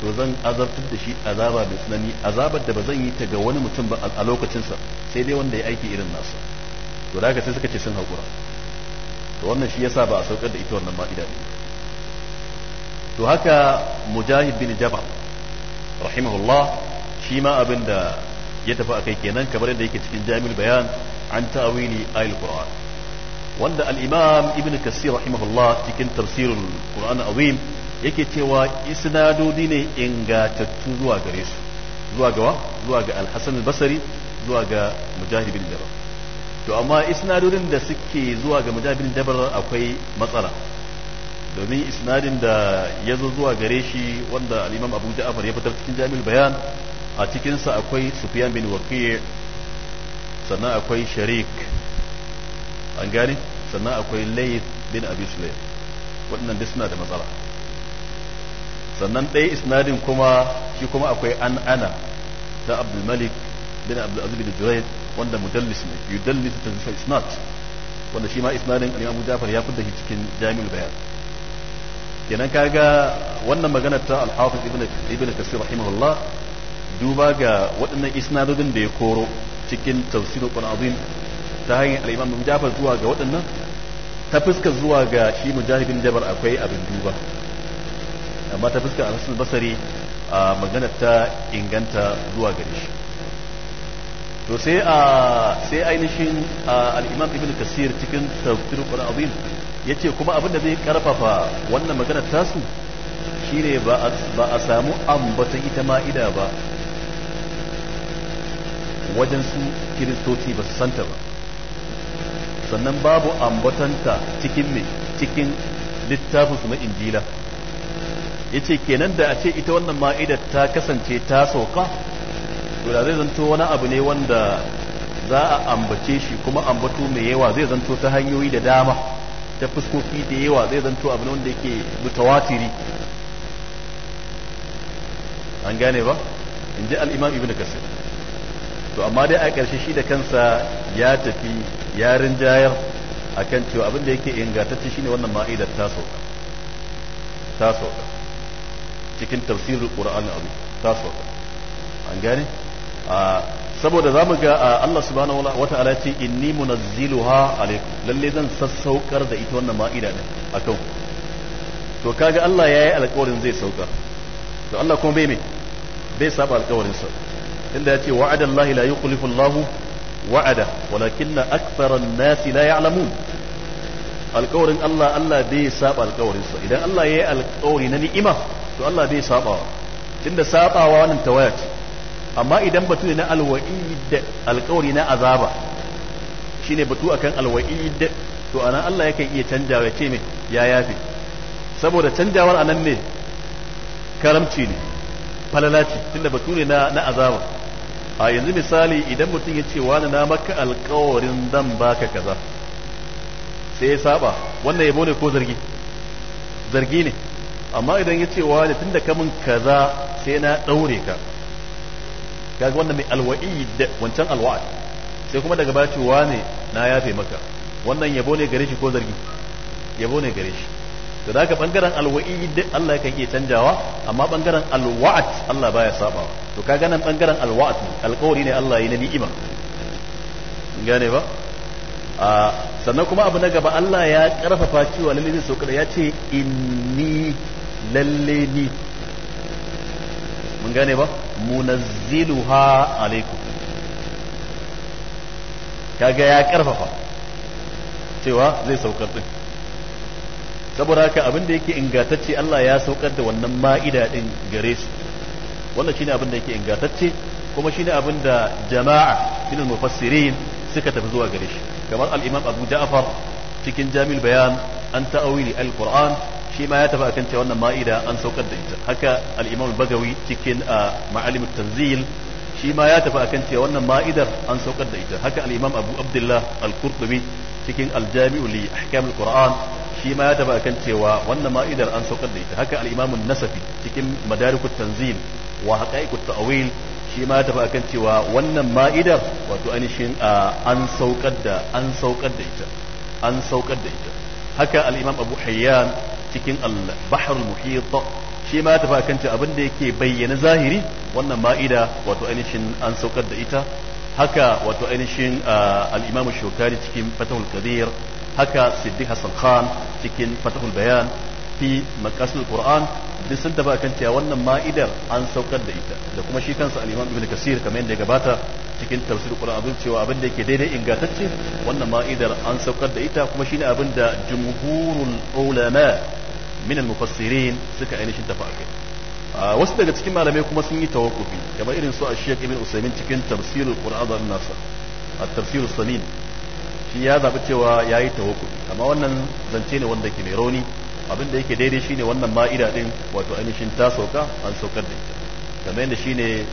to zan azabtar da shi azaba mai sunani azabar da ba zan yi ta ga wani mutum ba a lokacinsa sai dai wanda ya aiki irin nasa to da haka sai suka ce sun haƙura to wannan shi yasa ba a saukar da ita wannan ma'ida ne to haka mujahid bin jabal rahimahullah shi ma abin da ya tafi akai kenan kamar yadda yake cikin jami'ul bayan an ta'awili ayil qur'an wanda al-imam ibn kasir rahimahullah cikin tafsirul qur'an azim yake cewa isnadodi ne ingatattu zuwa gare su zuwa ga zuwa ga al-hasan al-basri zuwa ga mujahid bin jabal to amma isnadorin da suke zuwa ga mujabin dabar akwai matsala domin isnadin da ya zo zuwa gare shi wanda al'imam abu ja'afar ya fitar cikin jami'ul bayan a cikinsa akwai sufiyan bin wakiyar sannan akwai sharik an gane sannan akwai layth bin abi sulaym waɗannan duk suna da matsala sannan ɗaya isnadin kuma shi kuma akwai an ana ta abdul malik bin abdul aziz bin wanda mudallis ne yudallis ta zuwa isnad wanda shi ma isnadin imamu jafar ya fidda shi cikin jami'ul bayan kenan kaga wannan magana ta al-hafiz ibn ibn kasir rahimahullah duba ga waɗannan isnadodin da ya koro cikin tafsirul qur'an ta hanyar al-imam jafar zuwa ga waɗannan ta fuskar zuwa ga shi mujahidin jabar akwai abin duba amma ta fuskar al-hasan basari a maganar ta inganta zuwa gare shi to sai a sai ainihin al-imam ibn kasir cikin tafsir qur'an yace kuma abin da zai karfafa wannan magana tasu shine ba ba a samu ambatan ita ma'ida ba wajen su kiristoci ba su santa ba sannan babu ambatanta cikin me cikin littafin su na injila yace kenan da a ce ita wannan ma'idar ta kasance ta sauka to da zai zanto wani abu ne wanda za a ambace shi kuma ambato mai yawa zai zanto ta hanyoyi da dama ta fuskoki da yawa zai zanto abu ne wanda yake mutawatiri an gane ba in ji al'imam ibn kasir to amma dai a ƙarshe shi da kansa ya tafi ya rinjayar a kan cewa abin da yake ingantacce shine wannan ma'idar ta sauka ta sauka cikin tafsirin ƙura'an abu ta sauka an gane saboda za mu ga Allah subhanahu wa ta'ala ce inni munazziluha alaikum lalle zan sassaukar da ita wannan ma'ida din akan to kaga Allah yayi alƙawarin zai saukar to Allah kuma bai me bai saba alƙawarin sa inda yace wa'ada Allah la yukhlifu Allah wa'ada walakinna akthara an-nas la ya'lamun alƙawarin Allah Allah bai saba alƙawarin sa idan Allah yayi alƙawari na ni'ima to Allah bai saba tunda sabawa wannan tawaya ce amma idan batu ne na alwa'id alƙawari na azaba shine batu akan alwa'id to anan Allah yakan iya canjawa ya ce me ya yafe saboda canjawar anan ne karamci ne falala ce tunda batu ne na na azaba a yanzu misali idan mutum ya ce wani na maka alƙawarin zan baka kaza sai ya saba wannan yabo ne ko zargi zargi ne amma idan ya ce wani tunda kamun kaza sai na ɗaure ka kaga wannan mai alwa'i da wancan alwa'ad sai kuma daga baya cewa ne na yafe maka wannan yabo ne gare shi ko zargi yabo ne gare shi to daga bangaren alwa'i da Allah yake iya canjawa amma bangaren alwa'ad Allah baya saba to kaga nan bangaren alwa'ad ne alƙawari ne Allah yi na ni'ima gane ba sannan kuma abu na gaba Allah ya karfafa cewa lalle ne sauka ya ce inni lalle ni mun gane ba munazziluha alaikum kaga ya karfafa cewa zai saukar din saboda haka abin da yake ingantacce Allah ya saukar da wannan ma'ida din gare su wannan shine abin da yake ingantacce kuma shine abin da jama'a cikin mufassirin suka tafi zuwa gare shi kamar al-Imam Abu Ja'far cikin Jamil Bayan an ta'awili al-Qur'an shi ma ya tafi akan cewa wannan ma'ida an saukar da ita haka al-imam bagawi cikin ah, ma'alim tanzil shi ma ya tafi akan cewa wannan ma'idar an saukar da ita haka al-imam abu abdullah al-qurtubi cikin al-jami'u li ahkam al-qur'an shi ma ya tafi akan cewa wannan ma'idar an saukar da ita haka al-imam an-nasafi cikin madarikut tanzil wa haqa'iqut ta'wil shi ma tafi akan cewa wannan ma'idar wato ainihin ah, an saukar da an saukar da ita an saukar da ita haka al-imam Abu Hayyan cikin al-bahrul muhit shi ma ya tafi akan abin da yake bayyana zahiri wannan ma'ida wato ainihin an saukar da ita haka wato ainihin al-imam shokari cikin fatahul kabir haka siddiq hasan khan cikin fatahul bayan fi maqasid al-qur'an duk sun tafi akan cewa wannan ma'idar an saukar da ita da kuma shi kansa al-imam ibn kasir kamar yadda ya gabata cikin tafsir qur'an abin cewa abin da yake daidai ingantacce wannan ma'idar an saukar da ita kuma shine abin da jumhurul ulama Minan mufassirin suka ainihin tafi akai wasu daga cikin malamai kuma sun yi tawakkufi kamar irin su a shek ibn usaimin cikin tafsirul qur'an nasa a tafsirin samin shi ya zaɓi cewa ya yi tawakkufi amma wannan zance ne wanda ke mai rauni abinda yake daidai shine wannan ma'ida din wato ainihin ta sauka an saukar da ita kamar yadda shine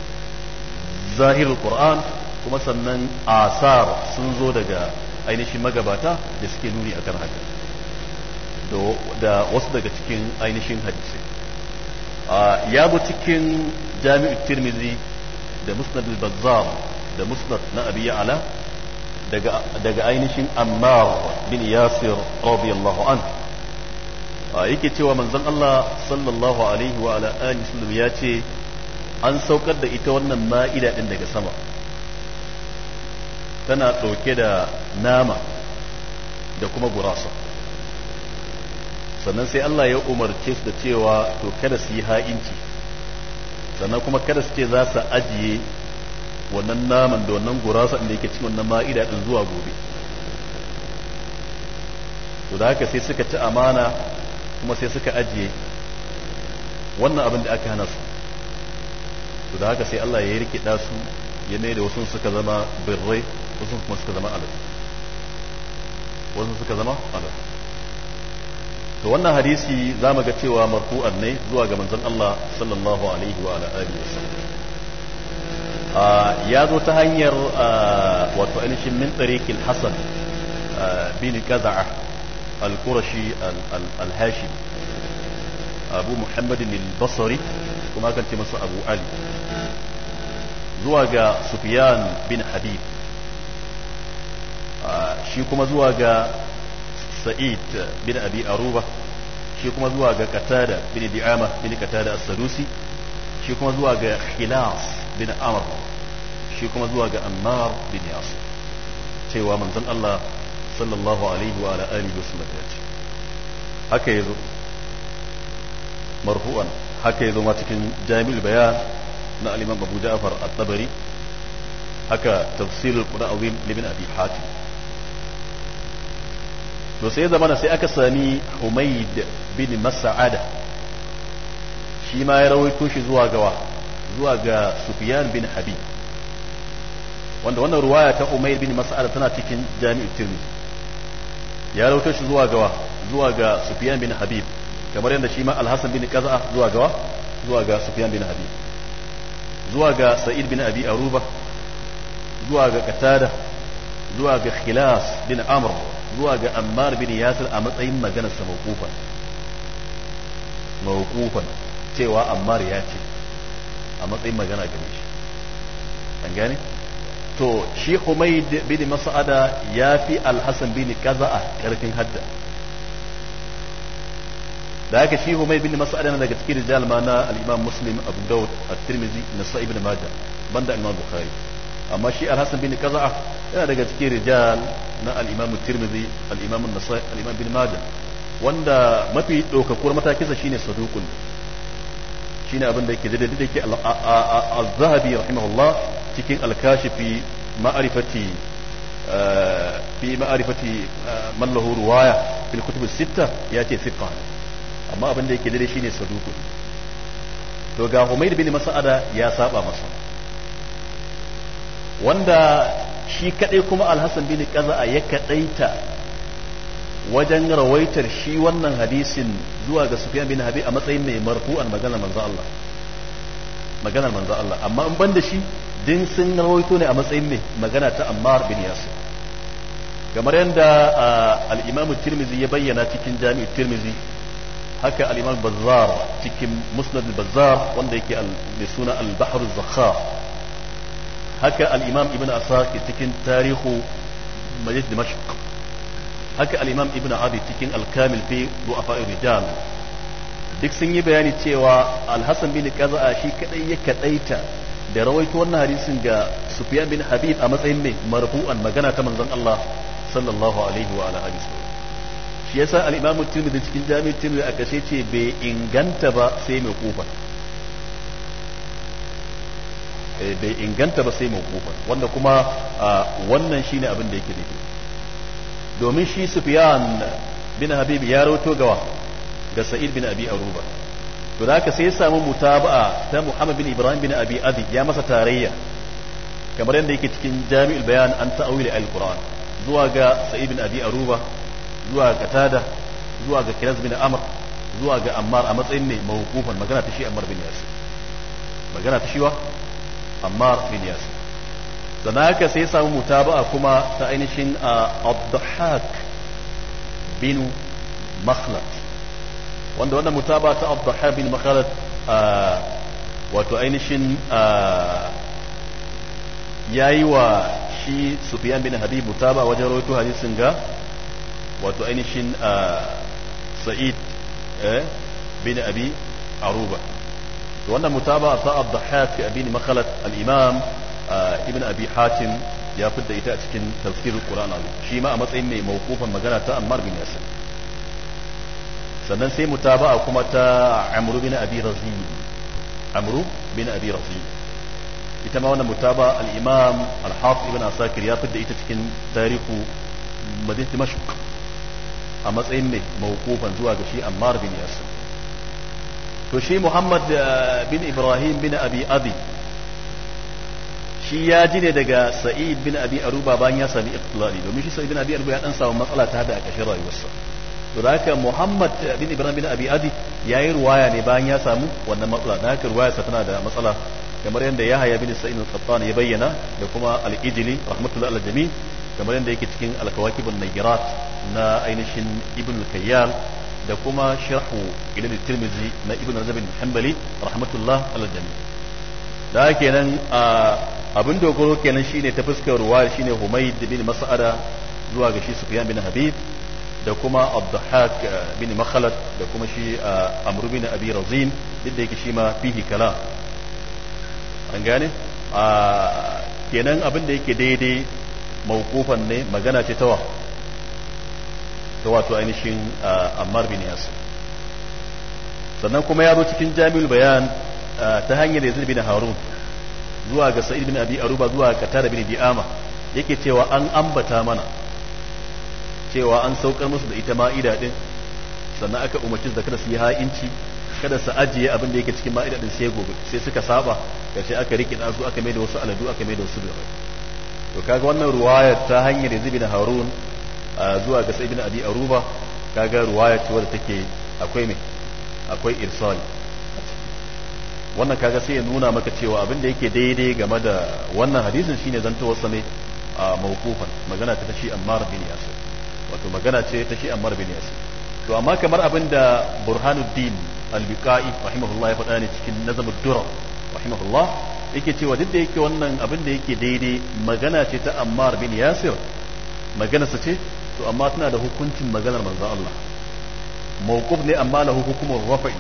zahirul qur'an kuma sannan asar sun zo daga ainihin magabata da suke nuni akan haka da wasu daga cikin ainihin hadisi ya zo cikin jami'u tirmizi da musnad al-bazzar da musnad na abi ya'ala daga daga ainihin ammar bin yasir radiyallahu an yake cewa manzon Allah sallallahu alaihi wa ala alihi wasallam ya ce an saukar da ita wannan ma'ida din daga sama tana ɗauke da nama da kuma gurasa sannan sai Allah ya umarce su da cewa to kada su yi ha'inci sannan kuma kada su ce za su ajiye wannan naman da wannan gurasa inda yake cikin wannan ma'ida din zuwa gobe to da haka sai suka ci amana kuma sai suka ajiye wannan abin da aka hana su to da haka sai Allah ya rikida su ya mai da wasu suka zama birrai wasu kuma suka zama alal wasu suka zama alal to wannan hadisi za mu ga cewa marfu'an ne zuwa ga manzon Allah sallallahu alaihi wa alihi wasallam ya zo ta hanyar wato ainihin min tariqil hasan bin kaza'a al-qurashi al-hashim abu Muhammad al-basri kuma kan ce masa abu ali zuwa ga sufyan bin habib shi kuma zuwa ga sa'id bin abi aruba shi kuma zuwa ga qatada bin di'ama bin qatada as shi kuma zuwa ga khilas bin amr shi kuma zuwa ga ammar bin yasir cewa manzon Allah sallallahu alaihi wa alihi wasallam ya ce haka yazo marfu'an haka yazo ma cikin jami'ul bayan na al-imam Ja'far tabari haka tafsirul Qur'an to sai zamana sai aka sami humaid bin mas'ada shi ma ya rawaito shi zuwa gawa zuwa ga sufyan bin habib wanda wannan ruwaya ta humaid bin mas'ada tana cikin jami'ut tirmidhi ya rawaito shi zuwa gawa zuwa ga sufyan bin habib kamar yadda shi ma alhassan bin qaza'a zuwa gawa zuwa ga sufyan bin habib zuwa ga sa'id bin abi aruba zuwa ga qatada zuwa ga khilas bin amr zuwa ga ammar bin yasir a matsayin maganar sa mawqufan mawqufan cewa ammar ya ce a matsayin magana gare shi an gane to shi humaid bin mas'ada ya fi alhassan bin kaza'a karfin hadda da haka shi humaid bin mas'ada na daga cikin rijal ma na al-imam muslim abu daud at-tirmidhi nasa'i ibn majah banda imam bukhari amma shi alhassan bin kaza'a yana daga cikin rijal na al-imam tirmidhi al-imam an-nasai al-imam bin majah wanda mafi ɗaukakuwar matakinsa shine saduqun shine abin da yake da da yake al zahabi rahimahullah cikin al-kashifi ma'rifati eh, fi ma'rifati eh, man lahu ruwaya fil kutub as-sitta yace thiqa amma abin da yake da shine saduqun to ga Humayd bin Mas'ada ya saba masa wanda shi kadai kuma alhassan bin kaza'a ya kadaita wajen rawaitar shi wannan hadisin zuwa ga sufyan bin habib a matsayin mai marfu'an maganar manzo Allah maganar manzo Allah amma in banda shi din sun rawaito ne a matsayin mai magana ta Ammar bin Yasir kamar yadda al-Imam Tirmidhi ya bayyana cikin Jami'ut Tirmidhi haka al-Imam Bazzar cikin Musnad al-Bazzar wanda yake mai suna al-Bahr al zakhar haka al-imam ibn asaki cikin tarihu majid dimashq haka al-imam ibn abi cikin al-kamil fi du'afa rijal duk sun yi bayani cewa al-hasan bin qaza'a shi kadai ya kadaita da rawaito wannan hadisin ga sufyan bin habib a matsayin mai marfu'an magana ta manzon Allah sallallahu alaihi wa ala alihi shi yasa al-imam tirmidhi cikin Jami'in tirmidhi a kashe ce bai inganta ba sai mai kufa Eh, bai inganta ba sai mawqufan wanda kuma ah, wannan shine abin da yake daidai domin shi Sufyan bin Habib ya rawato gawa ga Sa'id bin Abi Aruba to da haka sai ya samu mutaba'a ta Muhammad bin Ibrahim bin Abi Adi ya masa tarayya kamar yadda yake cikin Jami'ul Bayan an ta'awili al-Qur'an zuwa ga Sa'id bin Abi Aruba zuwa ga tada zuwa ga Kiraz bin Amr zuwa ga Ammar a matsayin ne mawqufan magana ta shi Ammar bin Yasir magana ta shi wa ammar bin yasir sannan haka sai samu mutaba'a kuma ta ainihin abdahak bin makhlat wanda wannan mutaba ta abdahak bin makhlat wato ainihin ya yi wa shi sufiyan bin habib mutaba wajen rawaito hadisin ga wato ainihin sa'id eh, bin abi aruba وأن متابعة الضحاة في أبين مخلت الإمام آه، ابن أبي حاتم يا فد إتاتكن تفسير القرآن عليه شيماء مطعم موقوفا مجالة أمار بن ياسر سننسي متابعة كما عمرو بن أبي رزين عمرو بن أبي رزين إتما وأن متابعة الإمام الحافظ ابن أساكر يا فد إتاتكن تاريخ مدينة دمشق أمار بن موقوفا زواج شيء أمار بن ياسر to shi muhammad eh, bin ibrahim bin abi abi shi ya ji ne daga sa'id bin abi aruba bayan ya sami iftilali domin shi sa'id bin abi aruba ya dan samu matsala ta da a rayuwarsa to da haka muhammad eh, bin ibrahim bin abi adi ya yi ruwaya ne bayan ya samu wannan matsala da haka sa tana da matsala kamar yadda yahaya bin sa'id al-qattan ya bayyana da kuma al-ijli rahmatullahi Al jami kamar yadda yake cikin al-kawakib an na ainihin ibn al-kayyal da kuma sharhu ila da tirmizi na ibn rajab bin hanbali rahmatullah ala jami da kenan abin dogaro kenan shine ta fuskar ruwa shine humayd bin mas'ada zuwa ga shi sufyan bin habib da kuma abdahak eh, bin makhalad da kuma shi eh, amru bin abi razin duk yake shi ma fihi kala an gane kenan abin da yake daidai mawqufan ne magana ce tawa ta wato ainihin ah, ammar bin yasir sannan kuma ya zo cikin jami'ul bayan ah, ta hanyar da bin harun zuwa ga sa'id bin abi aruba zuwa ga katara bin bi'ama yake cewa an ambata mana cewa an saukar musu da ita ma'ida din sannan aka umarci da kada su yi ha'inci kada su ajiye abin da yake cikin ma'ida din sai gobe sai suka saba karshe aka rike su aka mai da wasu aladu aka mai da wasu to kaga wannan ruwayar ta hanyar yazid bin harun zuwa ga sayyidina abi aruba kaga ruwaya ce wadda take akwai ne akwai irsal wannan kaga sai ya nuna maka cewa abin da yake daidai game da wannan hadisin shine wasa ne a mawqufan magana ta shi ammar bin yasir wato magana ce ta shi ammar bin yasir to amma kamar abin da burhanuddin al-biqai rahimahullah ya faɗa ne cikin nazamud durar rahimahullah yake cewa duk da yake wannan abin da yake daidai magana ce ta ammar bin yasir maganarsa ce to amma suna da hukuncin maganar manzo Allah mawquf ne amma lahu hukumur rafa'i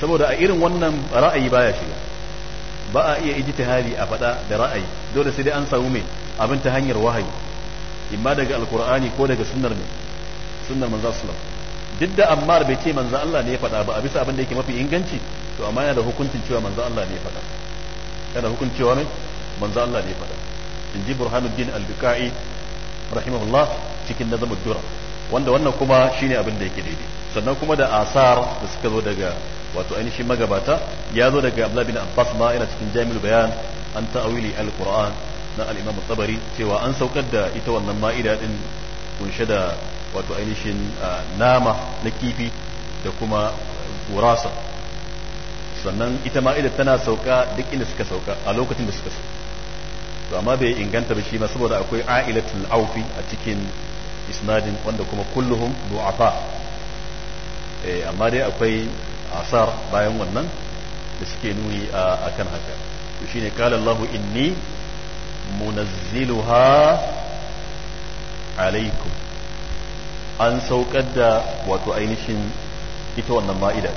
saboda a irin wannan ra'ayi baya shiga ba a iya ijtihadi a fada da ra'ayi dole sai dai an samu me abin ta hanyar wahayi imma daga alqur'ani ko daga sunnar ne sunnar manzo sallallahu duk da amma bai ce manzo Allah ne ya fada ba a bisa abin da yake mafi inganci to amma yana da hukuncin cewa manzo Allah ne ya fada yana hukuncin cewa ne manzo Allah ne ya fada in ji burhanuddin al-bukai rahimahullah cikin nazamud dura wanda wannan kuma shine abin da yake daidai sannan kuma da asar da suka zo daga wato ainihin magabata ya zo daga Abdullah bin Abbas ma yana cikin Jami'ul Bayan an ta'awili al-Qur'an na al-Imam tabari cewa an saukar da ita wannan ma'ida din kunshe da wato ainihin nama na kifi da kuma gurasa sannan ita ma'ida tana sauka duk inda suka sauka a lokacin da suka sauka to amma bai inganta ba shi ma saboda akwai ailatul aufi a cikin isnadin wanda kuma kulluhum du'afa eh amma dai akwai asar bayan wannan da suke nuni akan haka to shine qala Allahu inni munazziluha alaikum an saukar da wato ainihin ita wannan ma'ida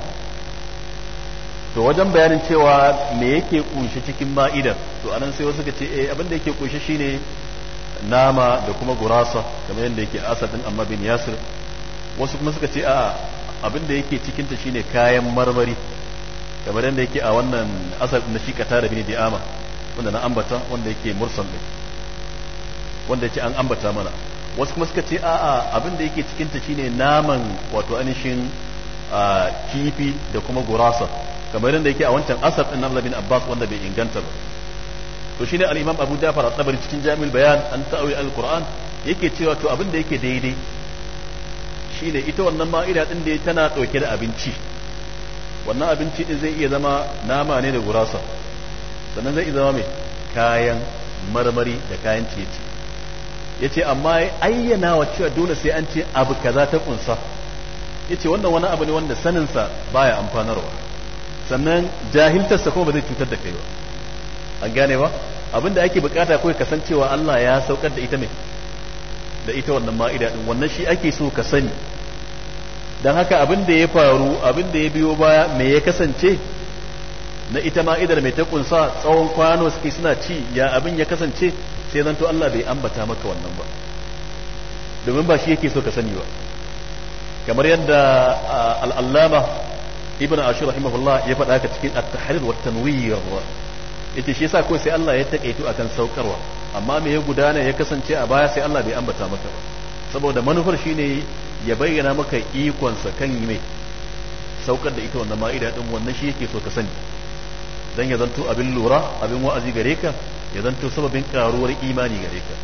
to wajen bayanin cewa me yake kunshi cikin ma'idar to anan sai wasu ka ce eh abin da yake kunshi shine nama da kuma gurasa kamar yadda yake asadin amma bin yasir wasu kuma suka ce a abin da yake cikin ta shine kayan marmari kamar yadda yake a wannan asal na shi katara bin di'ama wanda na ambata wanda yake mursal din wanda yake an ambata mana wasu kuma suka ce a abin da yake cikin ta shine naman wato anishin ah, kifi da kuma gurasa kamar yadda yake a wancan asar din Abdullah bin Abbas wanda bai inganta ba to shine al-Imam Abu Ja'far at-Tabari cikin Jami'ul Bayan an ta'awil al-Qur'an yake cewa to abin da yake daidai shine ita wannan ma'ida din da tana dauke da abinci wannan abinci din zai iya zama nama ne da gurasa sannan zai iya zama mai kayan marmari da kayan ciye-ciye yace amma ayyana wa cewa dole sai an ce abu kaza ta kunsa yace wannan wani abu ne wanda saninsa baya amfanarwa sannan jahiltarsa kuma ba zai cutar da kai ba an gane ba abinda ake bukata kawai kasancewa Allah ya saukar da ita mai da ita wannan ma'ida din wannan shi ake so ka sani dan haka abin da ya faru abin da ya biyo baya me ya kasance na ita ma'idar mai ta kunsa tsawon kwano suke suna ci ya abin ya kasance sai zanto Allah bai ambata maka wannan ba domin ba shi yake so ka sani ba kamar yadda al'allama ibn ashur rahimahullah ya faɗa ka cikin at-tahrir wa tanwir yace shi yasa ko sai Allah ya takeitu akan saukarwa amma me ya gudana ya kasance a baya sai Allah bai ambata maka ba saboda manufar shine ya bayyana maka ikon sa kan mai saukar da ita wannan ma'ida din wannan shi yake so ka sani dan ya zanto abin lura abin wa'azi gare ka ya zanto sababin karuwar imani gare ka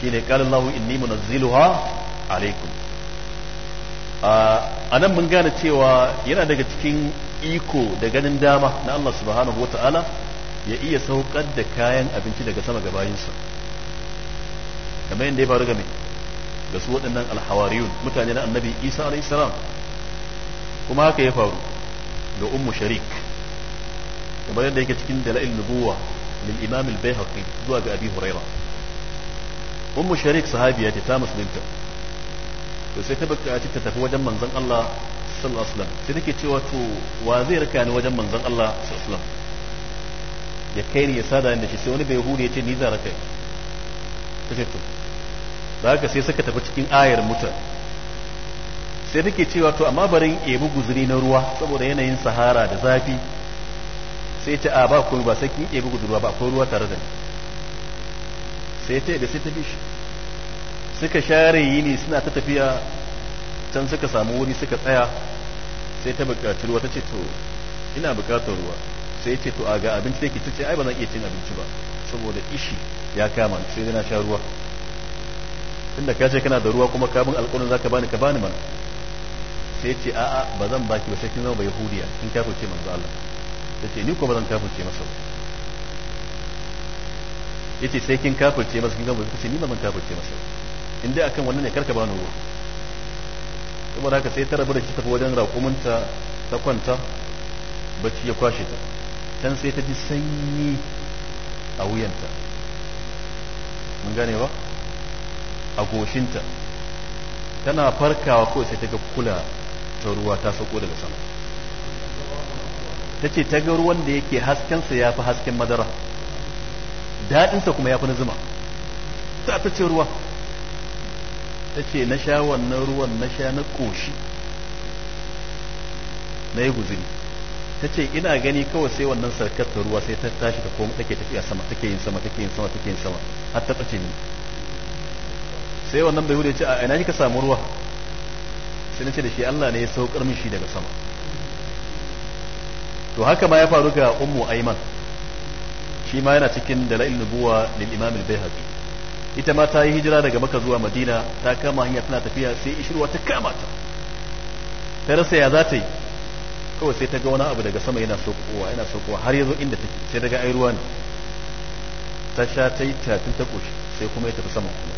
shine qala Allahu inni munazziluha alaikum a nan mun gane cewa yana daga cikin iko da ganin dama na Allah subhanahu wata'ala ya iya saukar da kayan abinci daga sama ga bayinsa kamar yadda ya faru game ga su waɗannan alhawariyun mutane na annabi isa alaihissalam kuma haka ya faru da ummu sharik kamar yadda yake cikin dala'il nubuwa lil imam al-baihaqi zuwa ga abi huraira ummu sharik sahabiya ta musulunta to sai ta buƙaci ta tafi wajen manzon Allah sallallahu alaihi wasallam sai nake cewa to wa zai rika ni wajen manzon Allah sallallahu alaihi wasallam ya kai ni ya sada ni da shi sai wani bai hure ya ce ni za raka ta ce to da haka sai suka tafi cikin ayar mutan sai nake cewa to amma barin ebi guzuri na ruwa saboda yanayin sahara da zafi sai ta a ba komai ba sai kin ebi guzuri ba akwai ruwa tare da ni sai ta da sai ta bi shi suka share yini suna ta tafiya can suka samu wuri suka tsaya sai ta bukaci ruwa ta ce to ina bukatar ruwa sai ce to a ga abinci da ke ce ai ba zan iya cin abinci ba saboda ishi ya kama sai dai na sha ruwa tunda ka ce kana da ruwa kuma kabin alƙalin zaka bani ka bani mana sai ce a'a ba zan baki ba sai kin zama ba yahudiya kin kafirce manzo Allah ta ce ni ko ba zan kafirce masa ba ce sai kin kafirce masa kin gama ce ni ba zan kafirce masa in dai akan wannan ne karka bani ruwa saboda haka sai ta rabu da shi tafi wajen raƙumunta ta kwanta bacci ya kwashe ta can sai ta ji sanyi a wuyanta mun gane ba a goshinta tana farkawa ko sai ta ga kula ta ruwa ta sauko daga sama ta ce ta ga ruwan da yake haskensa ya fi hasken madara daɗinsa kuma ya fi na zuma ta ta ce ruwa ta ce na sha wannan ruwan na sha na ƙoshi na yi guzuri ta ce ina gani kawai sai wannan sarkar ta ruwa sai ta tashi ta koma take tafiya sama take yin sama take yin sama take yin sama har ta ɓace ni sai wannan bai ya ce a ina kika samu ruwa sai na ce da shi Allah ne ya saukar min shi daga sama to haka ma ya faru ga ummu aiman shi ma yana cikin dalail nubuwa lil imam al-baihaqi ita ma ta yi hijira daga maka zuwa madina ta kama hanya tana tafiya sai ishirwa ta kama ta ta rasa ya za ta yi kawai sai ta ga wani abu daga sama yana saukowa yana saukowa har ya zo inda take sai daga ai ruwa ne ta sha ta yi tafin ta koshi sai kuma ya tafi sama kuma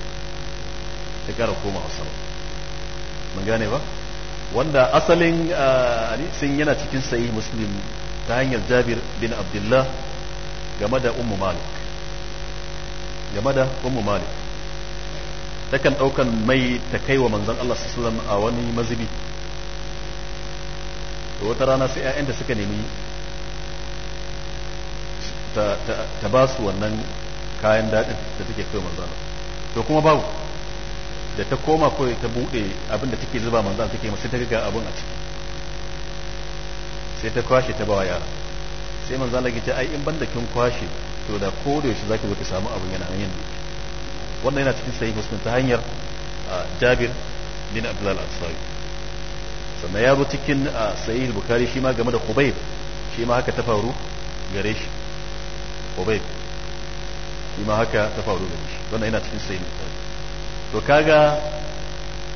ta kara komawa sama mun gane ba wanda asalin hadisin yana cikin sayi muslim ta hanyar jabir bin abdullah game da ummu malik game da ummu malik takan daukan mai ta kai wa manzon Allah sallallahu alaihi wasallam a wani mazubi to wata rana sai ƴaƴan da suka nemi ta ta ba su wannan kayan dadin da take kai manzon to kuma babu da ta koma kawai ta bude abin da take zuba manzon take masa ta ga abin a ciki sai ta kwashe ta ba wa yara sai manzon Allah ya ce ai in banda kin kwashe to da ko da yaushe zaki zo ka samu abin yana hanyar ne wannan yana cikin sahih muslim ta hanyar Jabir bin Abdul al-Ansari sannan ya zo cikin sahih Bukhari shi ma game da Khubayb shi ma haka ta faru gare shi Khubayb shi ma haka ta faru gare shi wannan yana cikin sahih Bukhari to kaga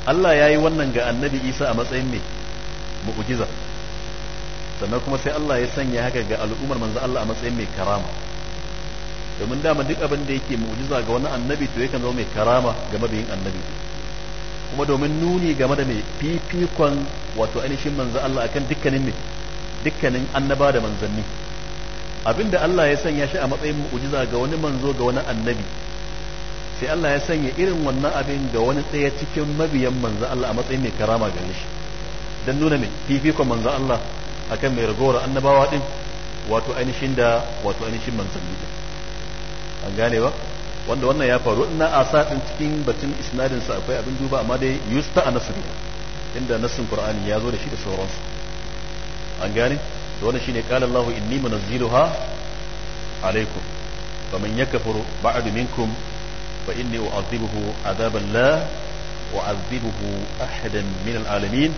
Allah ya yi wannan ga annabi Isa a matsayin mai mu'ujiza sannan kuma sai Allah ya sanya haka ga al'ummar manzo Allah a matsayin mai karama domin dama duk abin da yake mu'jiza ga wani annabi to yakan zama mai karama game da yin annabi kuma domin nuni game da mai fifikon wato ainihin manzo Allah akan dukkanin mai dukkanin annaba da manzanni abinda Allah ya sanya shi a matsayin mu'jiza ga wani manzo ga wani annabi sai Allah ya sanya irin wannan abin ga wani tsaye cikin mabiyan manzo Allah a matsayin mai karama gare shi dan nuna mai fifikon manzo Allah akan mai ragowar annabawa din wato ainihin da wato ainihin manzanni din an ganewa wanda wannan ya faru ina a sadin cikin batun isnadin sa akwai abin duba amma dai yusta a nasu inda nasin qur'ani ya zo da shi da sauransu an gane to wannan shine qala Allahu inni munazziluha alaikum faman yakfuru ba'du minkum fa inni u'adhibuhu adaban la u'adhibuhu ahadan min alalamin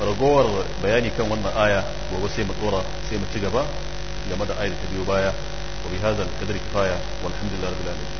ragowar bayani kan wannan aya gobe sai mu tsora sai mu ci gaba game da ayar ta biyo baya وبهذا القدر كفاية والحمد لله رب العالمين